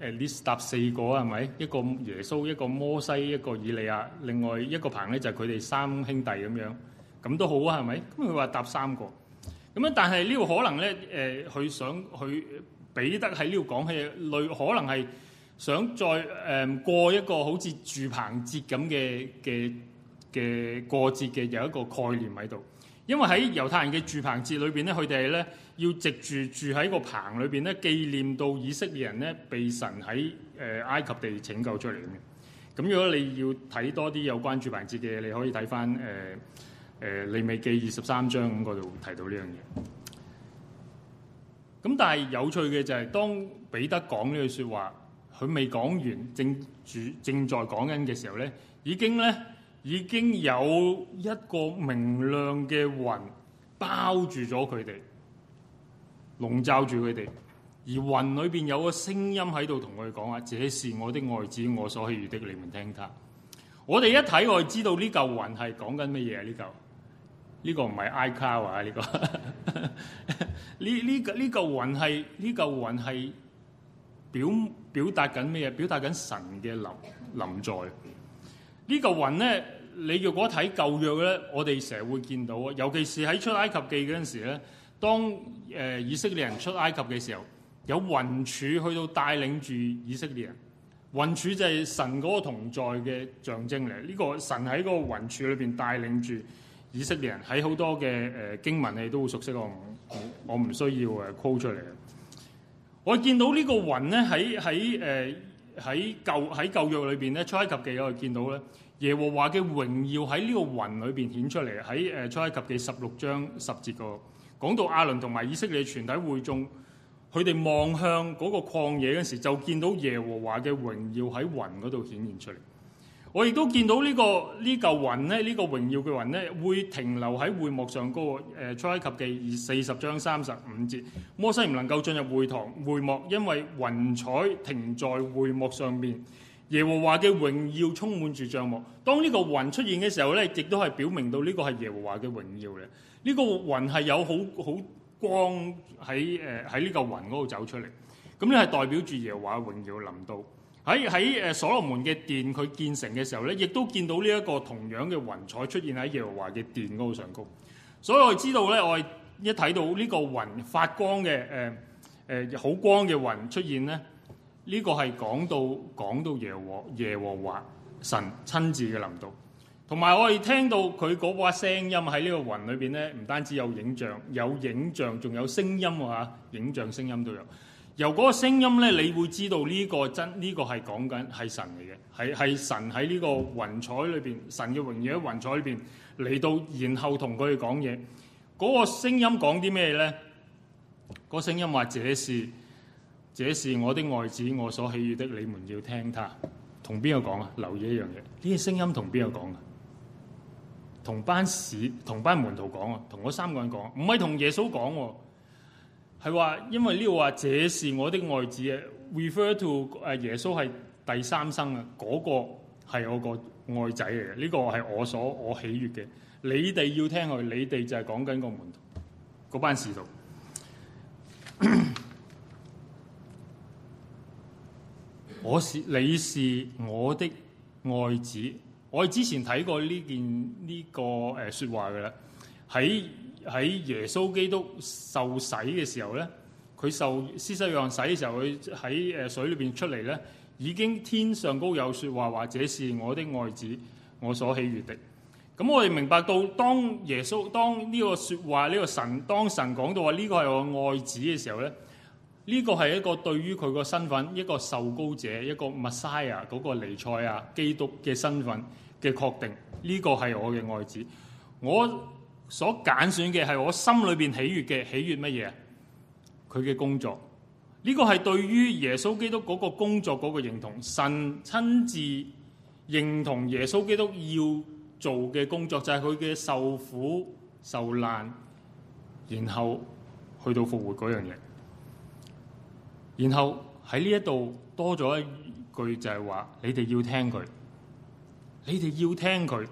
誒，at least 搭四個啊？係咪一個耶穌，一個摩西，一個以利亞，另外一個棚咧就係佢哋三兄弟咁樣，咁都好啊？係咪？咁佢話搭三個，咁樣，但係呢個可能咧誒，佢想佢彼得喺呢度講起，類可能係想再誒過一個好似住棚節咁嘅嘅嘅過節嘅有一個概念喺度。因為喺猶太人嘅住棚節裏邊咧，佢哋咧要藉住住喺個棚裏邊咧，紀念到以色列人咧被神喺誒埃及地拯救出嚟咁嘅。咁如果你要睇多啲有關住棚節嘅嘢，你可以睇翻誒誒利未記二十三章咁，嗰度提到呢樣嘢。咁但係有趣嘅就係，當彼得講呢句説話，佢未講完正，正住正在講緊嘅時候咧，已經咧。已經有一個明亮嘅雲包住咗佢哋，籠罩住佢哋，而雲裏邊有個聲音喺度同佢哋講啊：這是我的愛子，我所喜悅的，你們聽他。我哋一睇我哋知道呢嚿雲係講緊乜嘢？呢嚿呢個唔係 iCloud 啊，呢個呢呢嚿呢嚿雲係呢嚿雲係表表達緊咩嘢？表達緊神嘅臨臨在。這個雲呢嚿雲咧，你若果睇舊約咧，我哋成日會見到啊，尤其是喺出埃及記嗰陣時咧，當誒、呃、以色列人出埃及嘅時候，有雲柱去到帶領住以色列人。雲柱就係神嗰個同在嘅象徵嚟，呢、這個神喺個雲柱裏邊帶領住以色列人。喺好多嘅誒、呃、經文，你都會熟悉我唔我唔需要誒 quote 出嚟嘅。我見到這個雲呢個雲咧喺喺誒。喺舊喺舊約裏邊咧，出埃及記我哋見到咧，耶和華嘅榮耀喺呢個雲裏邊顯出嚟，喺誒出埃及記十六章十節個講到亞倫同埋以色列全體會眾，佢哋望向嗰個曠野嗰時，就見到耶和華嘅榮耀喺雲嗰度顯現出嚟。我亦都見到，這個這個、雲呢、這個雲呢嚿雲咧，呢個榮耀嘅雲咧，會停留喺會幕上高。誒、呃，出埃及記二四十章三十五節，摩西唔能夠進入會堂會幕，因為雲彩停在會幕上面，耶和華嘅榮耀充滿住帳幕。當呢個雲出現嘅時候咧，亦都係表明到呢個係耶和華嘅榮耀呢、這個雲係有好好光喺喺呢個雲嗰度走出嚟，咁呢係代表住耶和華嘅榮耀臨到。喺喺誒所羅門嘅殿，佢建成嘅時候咧，亦都見到呢一個同樣嘅雲彩出現喺耶和華嘅殿嗰上高。所以我哋知道咧，我哋一睇到呢個雲發光嘅誒誒好光嘅雲出現咧，呢個係講到講到耶和耶和華神親自嘅臨到，同埋我哋聽到佢嗰個聲音喺呢個雲裏邊咧，唔單止有影像，有影像，仲有聲音喎。影像聲音都有。由嗰個聲音咧，你會知道呢個真呢個係講緊係神嚟嘅，係係神喺呢個雲彩裏邊，神嘅榮耀喺雲彩裏邊嚟到，然後同佢講嘢。嗰個聲音講啲咩咧？嗰聲音話，這是這是我的愛子，我所喜悅的，你們要聽他。同邊個講啊？留意一樣嘢，呢個聲音同邊個講噶？同班士，同班門徒講啊，同嗰三個人講啊，唔係同耶穌講喎。係話，因為呢個話，這是我的愛子，refer to 誒，耶穌係第三生啊，嗰、嗰個係我愛、個愛仔嚟嘅，呢個係我所我喜悅嘅。你哋要聽佢，你哋就係講緊個門徒，嗰班士徒。 我是你是我的愛子，我之前睇過呢件呢、呢個誒說話噶啦，喺。喺耶穌基督受洗嘅時候咧，佢受施洗約翰洗嘅時候，佢喺誒水裏邊出嚟咧，已經天上高有説話，或者是我的愛子，我所喜悅的。咁、嗯、我哋明白到，當耶穌當呢個説話，呢、這個神當神講到話呢、這個係我愛子嘅時候咧，呢、這個係一個對於佢個身份，一個受膏者，一個 Messiah 嗰個彌賽亞，基督嘅身份嘅確定。呢、這個係我嘅愛子，我。所揀選嘅係我心裏邊喜悅嘅，喜悅乜嘢？佢嘅工作呢個係對於耶穌基督嗰個工作嗰個認同。神親自認同耶穌基督要做嘅工作就係佢嘅受苦受難，然後去到復活嗰樣嘢。然後喺呢一度多咗一句就係話：你哋要聽佢，你哋要聽佢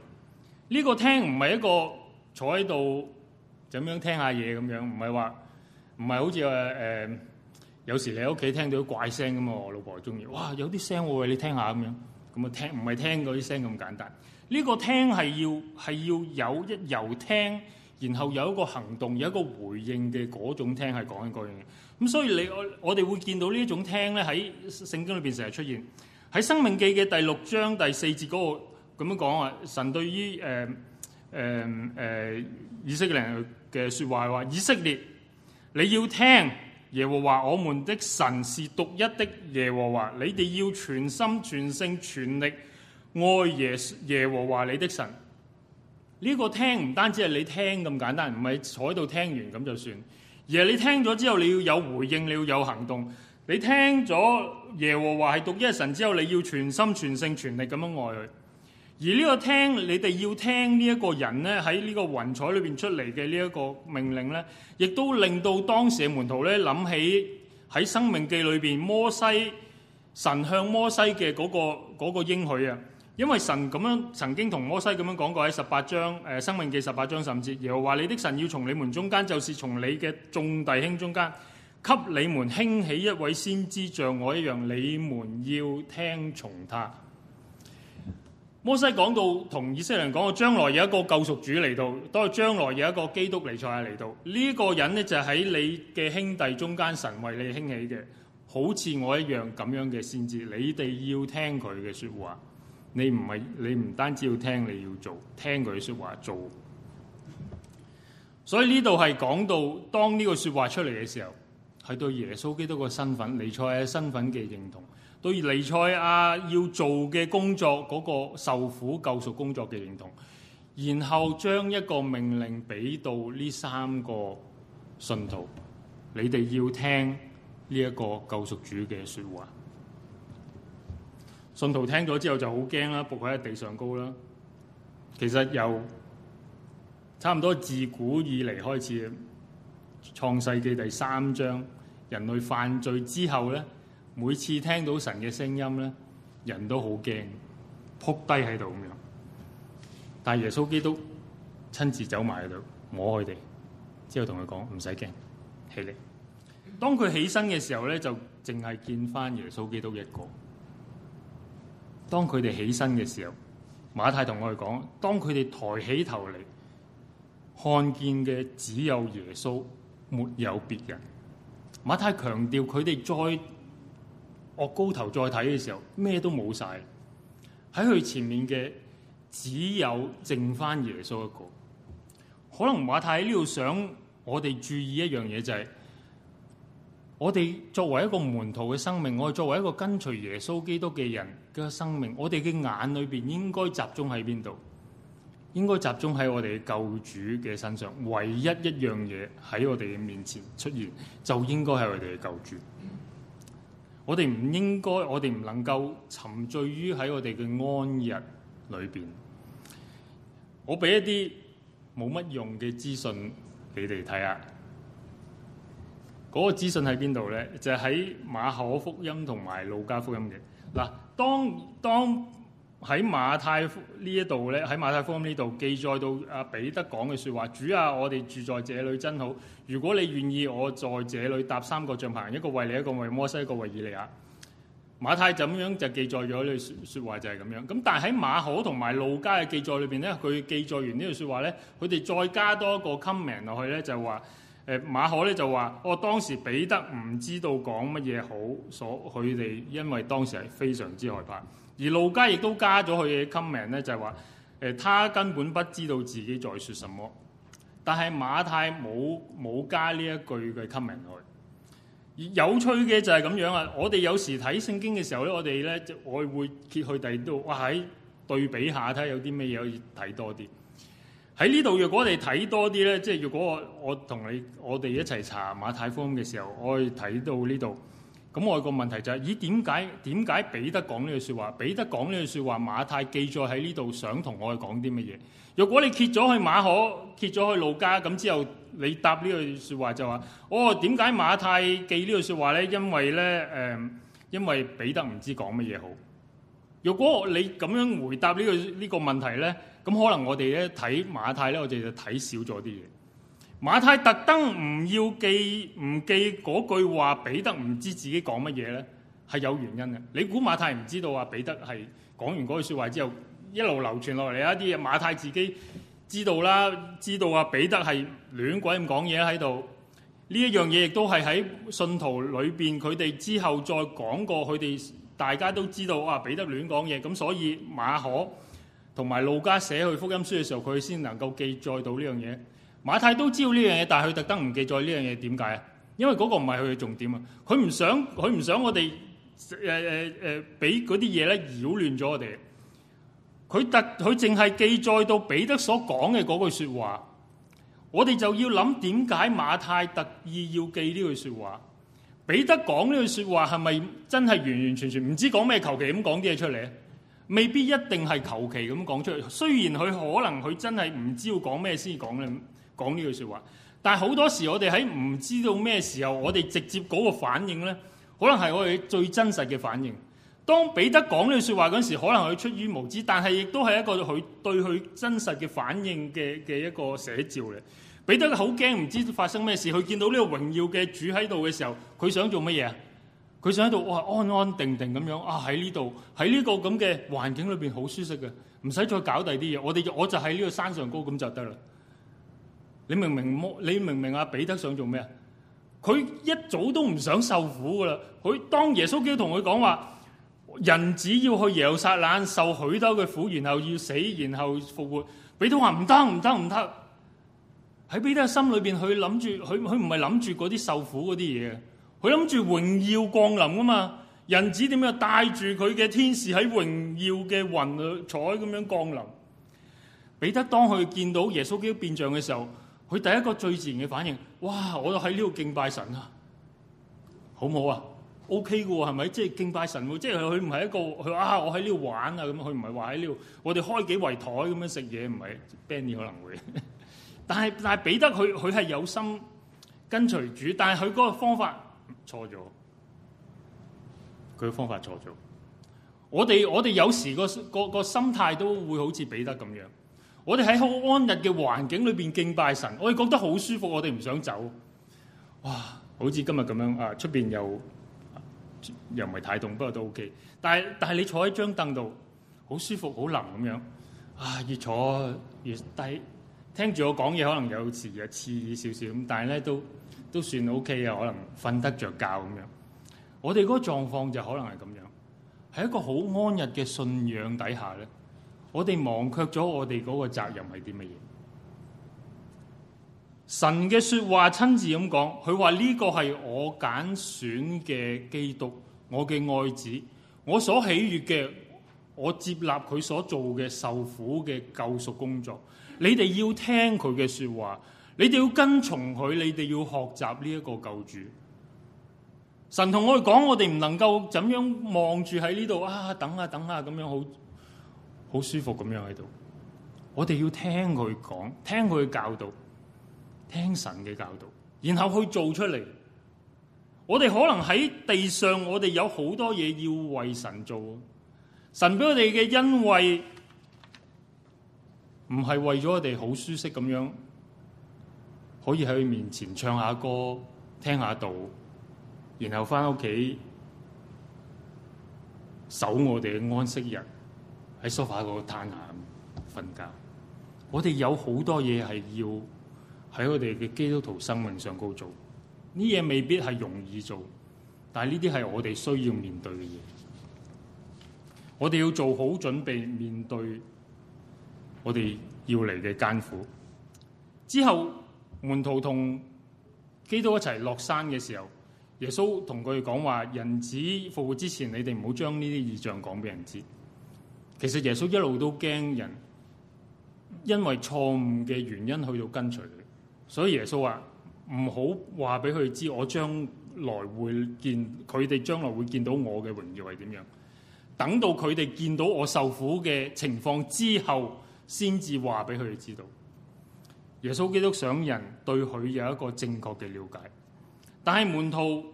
呢個聽唔係一個。坐喺度就咁樣聽下嘢咁樣，唔係話唔係好似話誒，有時你喺屋企聽到啲怪聲咁啊，我老婆中意，哇有啲聲，你聽下咁樣，咁啊聽，唔係聽嗰啲聲咁簡單。呢個聽係要係要有一由聽，然後有一個行動，有一個回應嘅嗰種聽係講緊嗰樣嘅。咁所以你我我哋會見到呢種聽咧喺聖經裏邊成日出現，喺申命記嘅第六章第四節嗰個咁樣講啊，神對於誒。呃誒誒、嗯嗯，以色列嘅說話係話：以色列，你要聽耶和華，我們的神是獨一的耶和華。你哋要全心全性全力愛耶耶和華你的神。呢、這個聽唔單止係你聽咁簡單，唔係坐喺度聽完咁就算。而係你聽咗之後，你要有回應，你要有行動。你聽咗耶和華係獨一嘅神之後，你要全心全性全力咁樣愛佢。而呢個聽，你哋要聽呢一個人咧，喺呢在這個雲彩裏邊出嚟嘅呢一個命令呢，亦都令到當時嘅門徒呢諗起喺《申命記裏面》裏邊摩西神向摩西嘅嗰，那個嗰，那個應許啊！因為神咁樣曾經同摩西咁樣講過喺十八章誒，呃《申命記》十八章十五節，耶和華你的神要從你們中間，就是從你嘅眾弟兄中間，給你們興起一位先知，像我一樣。你們要聽從他。摩西講到同以色列人講到將來有一個救贖主嚟到，都係將來有一個基督彌賽亞嚟到。呢一個人呢，就喺你嘅兄弟中間，神為你興起嘅，好似我一樣咁樣嘅先知。你哋要聽佢嘅説話，你唔係，你唔單止要聽，你要做聽佢説話做。所以呢度係講到當呢個説話出嚟嘅時候，係對耶穌基督個身份、彌賽亞身份嘅認同，對彌賽亞、啊、要做嘅工作嗰、那個受苦救贖工作嘅認同，然後將一個命令俾到呢三個信徒，你哋要聽呢一個救贖主嘅說話。信徒聽咗之後就好驚啦，仆喺地上高啦。其實由差唔多自古以嚟開始，創世記第三章人類犯罪之後咧。每次聽到神嘅聲音咧，人都好驚，撲低喺度咁樣。但係耶穌基督親自走埋喺度，摸佢哋之後跟說，同佢講唔使驚，起嚟。當佢起身嘅時候咧，就淨係見翻耶穌基督一個。當佢哋起身嘅時候，馬太同我哋講，當佢哋抬起頭嚟，看見嘅只有耶穌，沒有別人。馬太強調佢哋再。我高頭再睇嘅時候，咩都冇晒，喺佢前面嘅只有剩翻耶穌一個。可能馬太呢度想我哋注意一樣嘢就係、是，我哋作為一個門徒嘅生命，我哋作為一個跟隨耶穌基督嘅人嘅生命，我哋嘅眼裏邊應該集中喺邊度？應該集中喺我哋嘅救主嘅身上。唯一一樣嘢喺我哋嘅面前出現，就應該係我哋嘅救主。我哋唔應該，我哋唔能夠沉醉於喺我哋嘅安逸裏邊。我俾一啲冇乜用嘅資訊俾你哋睇下。嗰個資訊喺邊度呢？就喺馬可福音同埋路加福音嘅，當，當。喺馬太呢一度咧，喺馬太福音呢度記載到阿彼得講嘅説話：主啊，我哋住在這裡真好。如果你願意，我在這裡搭三個帳棚，一個為你，一個為摩西，一個為以利亞。馬太咁樣就記載咗呢句説話，就係咁樣。咁但係喺馬可同埋路加嘅記載裏邊咧，佢記載完呢句説話咧，佢哋再加多一個 comment 落去咧，就話：誒馬可咧就話，我當時彼得唔知道講乜嘢好，所佢哋因為當時係非常之害怕。而路加亦都加咗佢嘅 comment 咧，就係話：誒、呃，他根本不知道自己在説什麼。但係馬太冇冇加呢一句嘅 comment 去。而有趣嘅就係咁樣啊！我哋有時睇聖經嘅時候咧，我哋咧我會揭去第度，哇！喺對比下睇下有啲咩嘢可以睇多啲。喺呢度，若果我哋睇多啲咧，即係如果我我同你我哋一齊查馬太福音嘅時候，我會睇到呢度。咁我有個問題就係、是，咦點解點解彼得講呢句説話？彼得講呢句説話，馬太記載喺呢度，想同我哋講啲乜嘢？如果你揭咗去馬可，揭咗去路加，咁之後你答呢句説話就話，哦點解馬太記呢句説話咧？因為咧、呃、因為彼得唔知講乜嘢好。如果你咁樣回答呢、這個呢、這個問題咧，咁可能我哋咧睇馬太咧，我哋就睇少咗啲嘢。馬太特登唔要記唔記嗰句話，彼得唔知自己講乜嘢咧，係有原因嘅。你估馬太唔知道啊？彼得係講完嗰句説話之後，一路流傳落嚟一啲嘢，馬太自己知道啦，知道啊，彼得係亂鬼咁講嘢喺度。呢一樣嘢亦都係喺信徒裏邊，佢哋之後再講過，佢哋大家都知道啊，彼得亂講嘢，咁所以馬可同埋路加寫去福音書嘅時候，佢先能夠記載到呢樣嘢。馬太都知道呢樣嘢，但係佢特登唔記載呢樣嘢，點解啊？因為嗰個唔係佢嘅重點啊！佢唔想，佢唔想我哋誒誒誒，俾嗰啲嘢咧擾亂咗我哋。佢特，佢淨係記載到彼得所講嘅嗰句説話。我哋就要諗，點解馬太特意要記呢句説話？彼得講呢句説話係咪真係完完全全唔知講咩，求其咁講啲嘢出嚟咧？未必一定係求其咁講出嚟。雖然佢可能佢真係唔知要講咩先講咧。講呢句説話，但係好多時我哋喺唔知道咩時候，我哋直接嗰個反應呢，可能係我哋最真實嘅反應。當彼得講呢句説話嗰陣時，可能佢出於無知，但係亦都係一個佢對佢真實嘅反應嘅嘅一個寫照嚟。彼得好驚，唔知發生咩事。佢見到呢個榮耀嘅主喺度嘅時候，佢想做乜嘢？佢想喺度，安安定定咁樣啊，喺呢度，喺呢個咁嘅環境裏邊好舒適嘅，唔使再搞第啲嘢。我哋我就喺呢個山上高咁就得啦。你明唔明？你明唔明阿、啊、彼得想做咩啊？佢一早都唔想受苦噶啦！佢當耶穌基督同佢講話，人子要去耶路撒冷受許多嘅苦，然後要死，然後復活。彼得話唔得，唔得，唔得！喺彼得心裏邊，佢諗住，佢佢唔係諗住嗰啲受苦嗰啲嘢，佢諗住榮耀降臨啊嘛！人子點啊？帶住佢嘅天使喺榮耀嘅雲彩咁樣降臨。彼得當佢見到耶穌基督變像嘅時候，佢第一個最自然嘅反應，哇！我都喺呢度敬拜神啊，好唔好啊？OK 嘅喎，係咪？即係敬拜神，啊，即係佢唔係一個佢話，啊！我喺呢度玩啊，咁佢唔係話喺呢度，我哋開幾圍台咁樣食嘢，唔係 Benny 可能會。但係但係彼得佢佢係有心跟隨主，但係佢嗰個方法錯咗，佢嘅方法錯咗。我哋我哋有時的個個個心態都會好似彼得咁樣。我哋喺好安逸嘅環境裏邊敬拜神，我哋覺得好舒服，我哋唔想走。哇！好似今日咁樣啊，出邊又又唔係太凍，不過都 OK 但。但係但係你坐喺張凳度，好舒服，好冷咁樣。啊，越坐越低，聽住我講嘢、OK，可能有時有刺耳少少咁，但係咧都都算 OK 啊，可能瞓得着覺咁樣。我哋嗰個狀況就可能係咁樣，喺一個好安逸嘅信仰底下咧。我哋忘卻咗我哋嗰個責任係啲乜嘢？神嘅說話親自咁講，佢話呢個係我揀選嘅基督，我嘅愛子，我所喜悅嘅，我接納佢所做嘅受苦嘅救贖工作。你哋要聽佢嘅說話，你哋要跟從佢，你哋要學習呢一個救主。神同我哋講，我哋唔能夠怎樣望住喺呢度啊，等啊、等啊、咁樣好，好舒服咁樣喺度，我哋要聽佢講，聽佢嘅教導，聽神嘅教導，然後去做出嚟。我哋可能喺地上，我哋有好多嘢要為神做。神俾我哋嘅恩惠唔係為咗我哋好舒適咁樣，可以喺佢面前唱下歌，聽下道，然後翻屋企守我哋嘅安息日。喺 sofa 嗰個攤下瞓覺，我哋有好多嘢係要喺我哋嘅基督徒生命上高做，呢嘢未必係容易做，但係呢啲係我哋需要面對嘅嘢。我哋要做好準備面對我哋要嚟嘅艱苦。之後，門徒同基督一齊落山嘅時候，耶穌同佢哋講話：人子復活之前，你哋唔好將呢啲異象講俾人知。其實耶穌一路都驚人，因為錯誤嘅原因去到跟隨佢，所以耶穌話唔好話俾佢知，我將來會見佢哋，將來會見到我嘅榮耀係點樣。等到佢哋見到我受苦嘅情況之後，先至話俾佢哋知道。耶穌基督想人對佢有一個正確嘅了解，但係門徒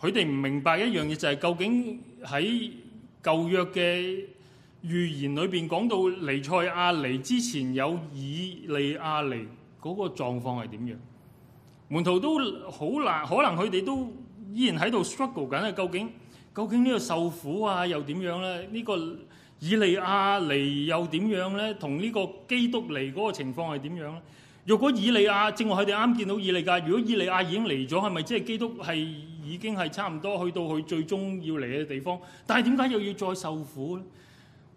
佢哋唔明白一樣嘢，就係、是、究竟喺舊約嘅。預言裏邊講到彌賽亞嚟之前有以利亞嚟嗰個狀況係點樣？門徒都好難，可能佢哋都依然喺度 struggle 緊啊！究竟究竟呢個受苦啊又點樣咧？呢個以利亞嚟又點樣咧？同呢個基督嚟嗰個情況係點樣咧？若果以利亞正話佢哋啱見到以利亞，如果以利亞已經嚟咗，係咪即係基督係已經係差唔多去到佢最終要嚟嘅地方？但係點解又要再受苦咧？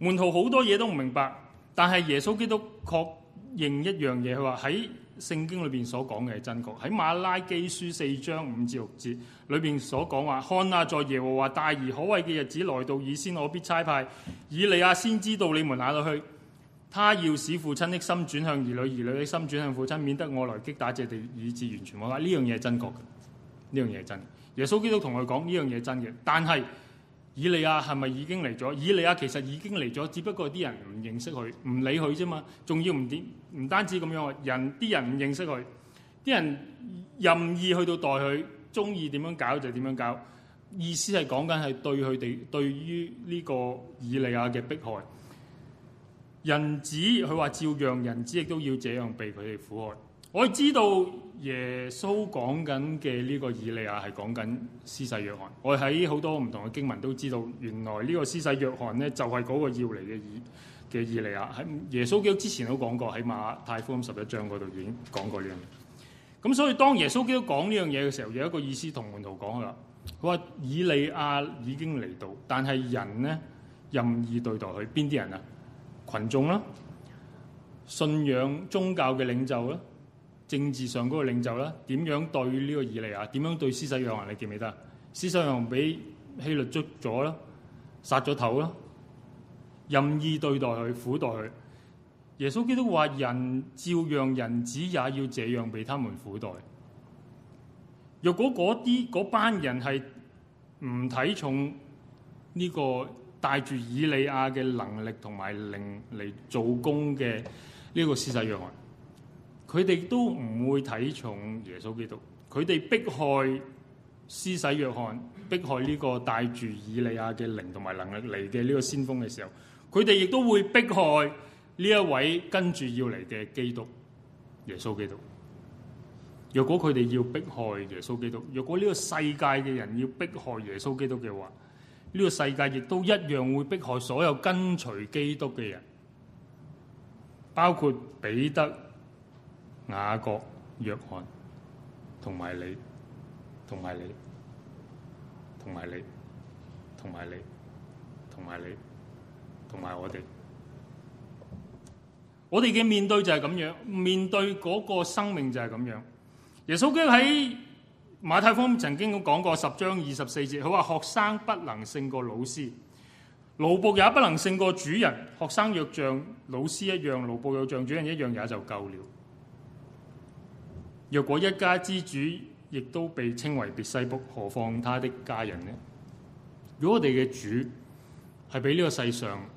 門徒好多嘢都唔明白，但係耶穌基督確認一樣嘢，佢話喺聖經裏邊所講嘅係真確。喺馬拉基書四章五至六節裏邊所講話，看啊，在耶和華大而可畏嘅日子來到以先，我必差派以利亞先知道你們哪裏去，他要使父親的心轉向兒女，兒女的心轉向父親，免得我來擊打這地，以至完全無。呢樣嘢係真確，呢樣嘢係真。耶穌基督同佢講呢樣嘢係真嘅，但係。以利亞係咪已經嚟咗？以利亞其實已經嚟咗，只不過啲人唔認識佢，唔理佢啫嘛。仲要唔點？唔單止咁樣啊，人啲人唔認識佢，啲人任意去到待佢，鍾意點樣搞就點樣搞。意思係講緊係對佢哋，對於呢個以利亞嘅迫害，人子佢話照樣，人子亦都要這樣被佢哋苦害。我知道。耶穌講緊嘅呢個以利亞係講緊施洗約翰。我喺好多唔同嘅經文都知道，原來呢個施洗約翰咧就係嗰個要嚟嘅以嘅以利亞。喺耶穌基督之前都講過，喺馬太福音十一章嗰度已經講過呢樣嘢。咁所以當耶穌基督講呢樣嘢嘅時候，有一個意思同門徒講啦，佢話以利亞已經嚟到，但係人咧任意對待佢。邊啲人啊？群眾啦、啊，信仰宗教嘅領袖咧、啊。政治上嗰個領袖咧，點樣對呢個以利亞？點樣對施洗約翰？你記唔記得？施洗約翰俾希律捉咗啦，殺咗頭啦，任意對待佢，苦待佢。耶穌基督話：人照樣人子也要這樣被他們苦待。若果嗰啲嗰班人係唔睇重呢個帶住以利亞嘅能力同埋靈嚟做工嘅呢個施洗約翰。佢哋都唔會睇重耶穌基督，佢哋迫害施洗約翰，迫害呢個帶住以利亞嘅靈同埋能力嚟嘅呢個先鋒嘅時候，佢哋亦都會迫害呢一位跟住要嚟嘅基督耶穌基督。若果佢哋要迫害耶穌基督，若果呢個世界嘅人要迫害耶穌基督嘅話，呢、呢個世界亦都一樣會迫害所有跟隨基督嘅人，包括彼得。雅各、約翰同埋你，同埋你，同埋你，同埋你，同埋你，同埋我哋。我哋嘅面對就係咁樣，面對嗰個生命就係咁樣。耶穌基督喺馬太福音曾經講過十章二十四節，佢話學生不能勝過老師，奴僕也不能勝過主人。學生若像老師一樣，奴僕又像主人一樣，也就夠了。若果一家之主亦都被稱為別西卜，何況他的家人呢？如果我哋嘅主係俾呢個世上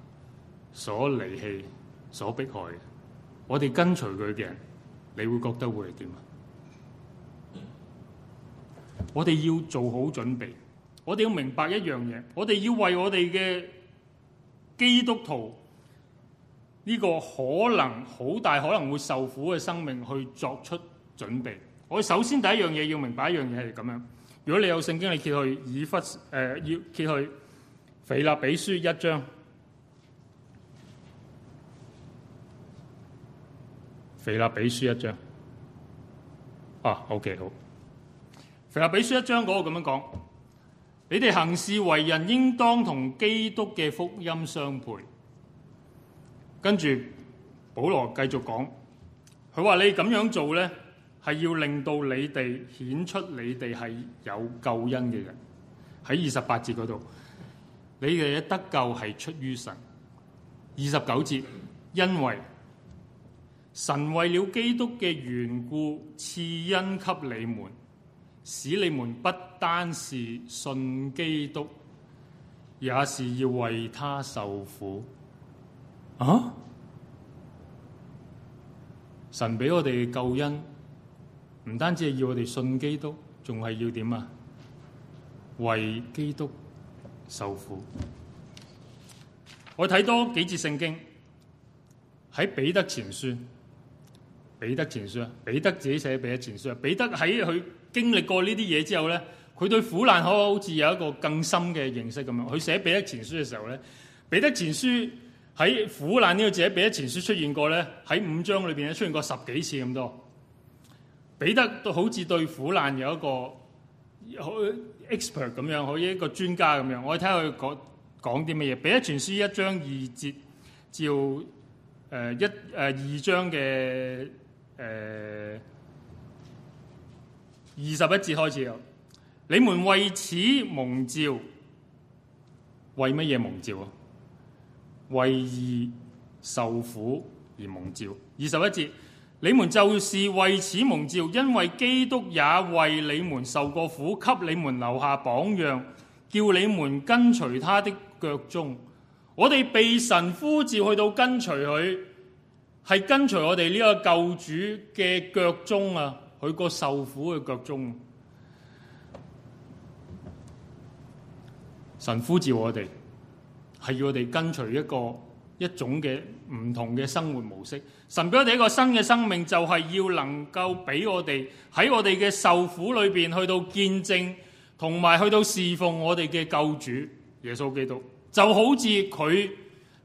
所離棄、所迫害嘅，我哋跟隨佢嘅人，你會覺得會係點啊？我哋要做好準備，我哋要明白一樣嘢，我哋要為我哋嘅基督徒呢個可能好大可能會受苦嘅生命去作出。準備。我首先第一樣嘢要明白一樣嘢係咁樣。如果你有聖經，你揭去以弗誒，要揭去腓立比書一章，腓立比書一章。啊，OK，好。腓立比書一章嗰個咁樣講，你哋行事為人，應當同基督嘅福音相配。跟住保羅繼續講，佢話你咁樣做咧。係要令到你哋顯出你哋係有救恩嘅人。喺二十八節嗰度，你哋嘅得救係出於神。二十九節，因為神為了基督嘅緣故賜恩給你們，使你們不單是信基督，也是要為他受苦。啊？神俾我哋嘅救恩。唔單止係要我哋信基督，仲係要點啊？為基督受苦。我睇多幾節聖經喺彼得前書，彼得前書啊，彼得自己寫彼得前書啊，彼得喺佢經歷過呢啲嘢之後咧，佢對苦難好好似有一個更深嘅認識咁樣。佢寫彼得前書嘅時候咧，彼得前書喺苦難呢個字喺彼得前書出現過咧，喺五章裏邊咧出現過十幾次咁多。彼得都好似對苦難有一個好 expert 咁樣，好似一個專家咁樣。我睇下佢講講啲乜嘢。彼得前書一章二節，照誒、呃、一誒、呃、二章嘅誒、呃、二十一節開始啊，你們為此蒙召，為乜嘢蒙召？啊？為義受苦而蒙召。二十一節。你們就是為此蒙召，因為基督也為你們受過苦，給你們留下榜樣，叫你們跟隨他的腳蹤。我哋被神呼召去到跟隨佢，係跟隨我哋呢個救主嘅腳蹤啊！佢個受苦嘅腳蹤。神呼召我哋，係要我哋跟隨一個。一種嘅唔同嘅生活模式，神俾我哋一個新嘅生命，就係、是、要能夠俾我哋喺我哋嘅受苦裏面去到見證，同埋去到侍奉我哋嘅救主耶穌基督，就好似佢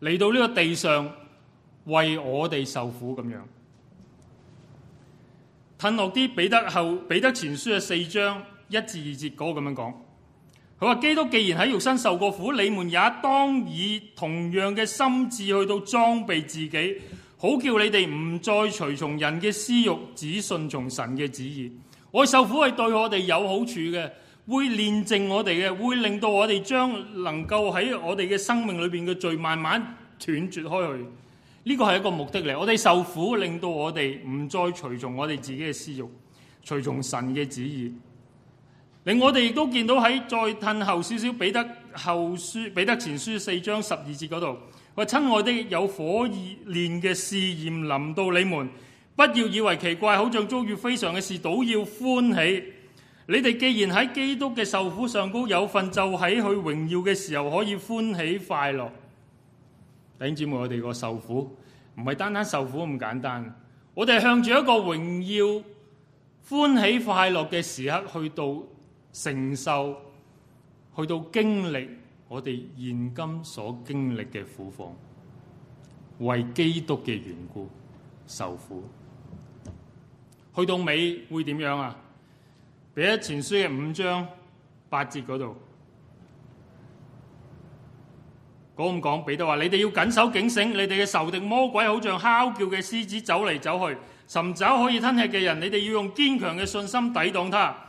嚟到呢個地上為我哋受苦咁樣。褪落啲彼得前書嘅四章一至二節嗰咁樣講。佢話：基督既然喺肉身受過苦，你們也當以同樣嘅心志去到裝備自己，好叫你哋唔再隨從人嘅私欲，只信從神嘅旨意。我受苦係對我哋有好處嘅，會煉淨我哋嘅，會令到我哋將能夠喺我哋嘅生命裏面嘅罪慢慢斷絕開去。呢個係一個目的嚟，我哋受苦令到我哋唔再隨從我哋自己嘅私欲，隨從神嘅旨意。令我哋亦都見到喺再褪後少少彼得後書，彼得前書四章十二節嗰度，話親愛的，有火煉嘅試驗臨到你們，不要以為奇怪，好像遭遇非常嘅事，都要歡喜。你哋既然喺基督嘅受苦上高有份，就喺佢榮耀嘅時候可以歡喜快樂。弟兄姊妹，我哋個受苦唔係單單受苦咁簡單，我哋向住一個榮耀、歡喜、快樂嘅時刻去到。承受去到經歷我哋現今所經歷嘅苦況，為基督嘅緣故受苦。去到尾會點樣啊？彼得前書嘅五章八節嗰度講唔講？彼得話：你哋要緊守警醒，你哋嘅仇敵魔鬼好像哮叫嘅獅子走嚟走去，尋找可以吞吃嘅人。你哋要用堅強嘅信心抵擋他。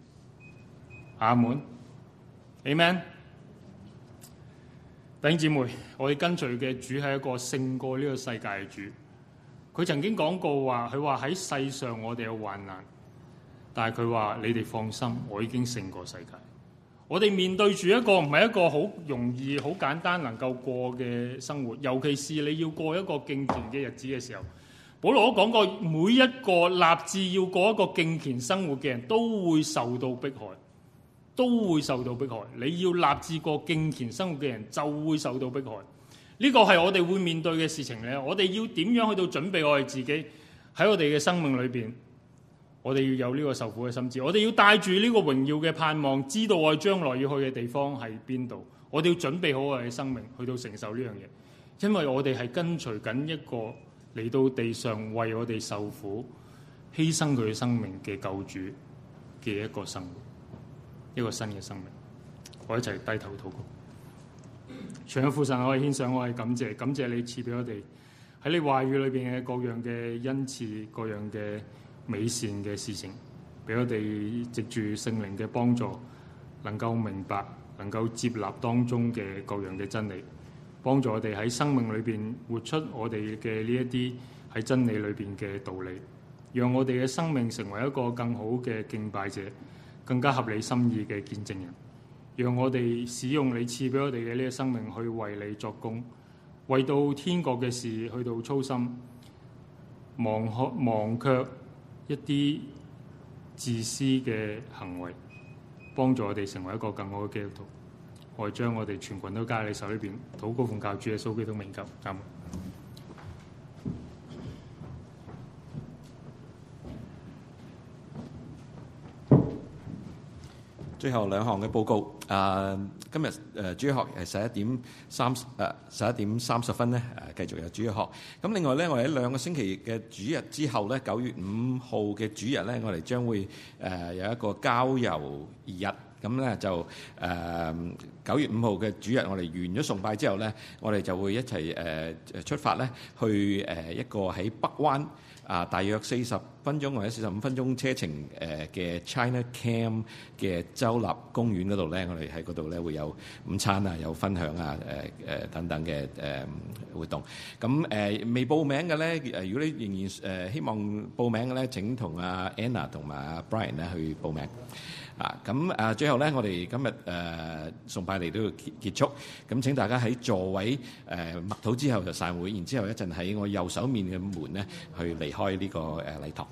阿門，Amen。弟兄姊妹，我哋跟隨嘅主係一個勝過呢個世界嘅主。佢曾經講過話，佢話喺世上我哋有患難，但係佢話你哋放心，我已經勝過世界。我哋面對住一個唔係一個好容易、好簡單能夠過嘅生活，尤其是你要過一個敬虔嘅日子嘅時候。保羅講過，每一個立志要過一個敬虔生活嘅人都會受到迫害。都會受到迫害。你要立志過敬虔生活嘅人就會受到迫害。呢個係我哋會面對嘅事情咧。我哋要點樣去到準備我哋自己喺我哋嘅生命裏邊，我哋要有呢個受苦嘅心志，我哋要帶住呢個榮耀嘅盼望，知道我哋將來要去嘅地方係邊度。我哋要準備好我哋嘅生命去到承受呢樣嘢，因為我哋係跟隨緊一個嚟到地上為我哋受苦、犧牲佢生命嘅救主嘅一個生活。一個新嘅生命，我一齊低頭禱告。除咗父神，我係獻上，我係感謝，感謝你賜俾我哋喺你話語裏邊嘅各樣嘅恩賜，各樣嘅美善嘅事情，俾我哋藉住聖靈嘅幫助，能夠明白，能夠接納當中嘅各樣嘅真理，幫助我哋喺生命裏邊活出我哋嘅呢一啲喺真理裏邊嘅道理，讓我哋嘅生命成為一個更好嘅敬拜者。更加合你心意嘅見證人，讓我哋使用你賜俾我哋嘅呢個生命去為你作工，為到天國嘅事去到操心，忘卻忘卻一啲自私嘅行為，幫助我哋成為一個更好嘅基督徒。我將我哋全群都加喺你手裏邊，禱告奉教主耶穌基督名求，阿門。最後兩項嘅報告，啊、呃，今日誒、呃、主日學係十一點三誒十一點三十、呃、點分咧誒繼續有主日學。咁另外咧，我哋喺兩個星期嘅主日之後咧，九月五號嘅主日咧，我哋將會誒、呃、有一個郊遊日。咁咧就誒九、呃、月五號嘅主日，我哋完咗崇拜之後咧，我哋就會一齊誒、呃、出發咧去誒、呃、一個喺北灣。啊，大約四十分鐘或者四十五分鐘車程，誒嘅 China Camp 嘅州立公園嗰度咧，我哋喺嗰度咧會有午餐啊，有分享啊，誒誒等等嘅誒活動。咁誒未報名嘅咧，誒如果你仍然誒希望報名嘅咧，請同阿 Anna 同埋阿 Brian 咧去報名。啊，咁啊，最後咧，我哋今日誒崇拜嚟都要結結束，咁請大家喺座位誒默禱之後就散會，然之後一陣喺我右手面嘅門咧去離開呢個誒禮堂。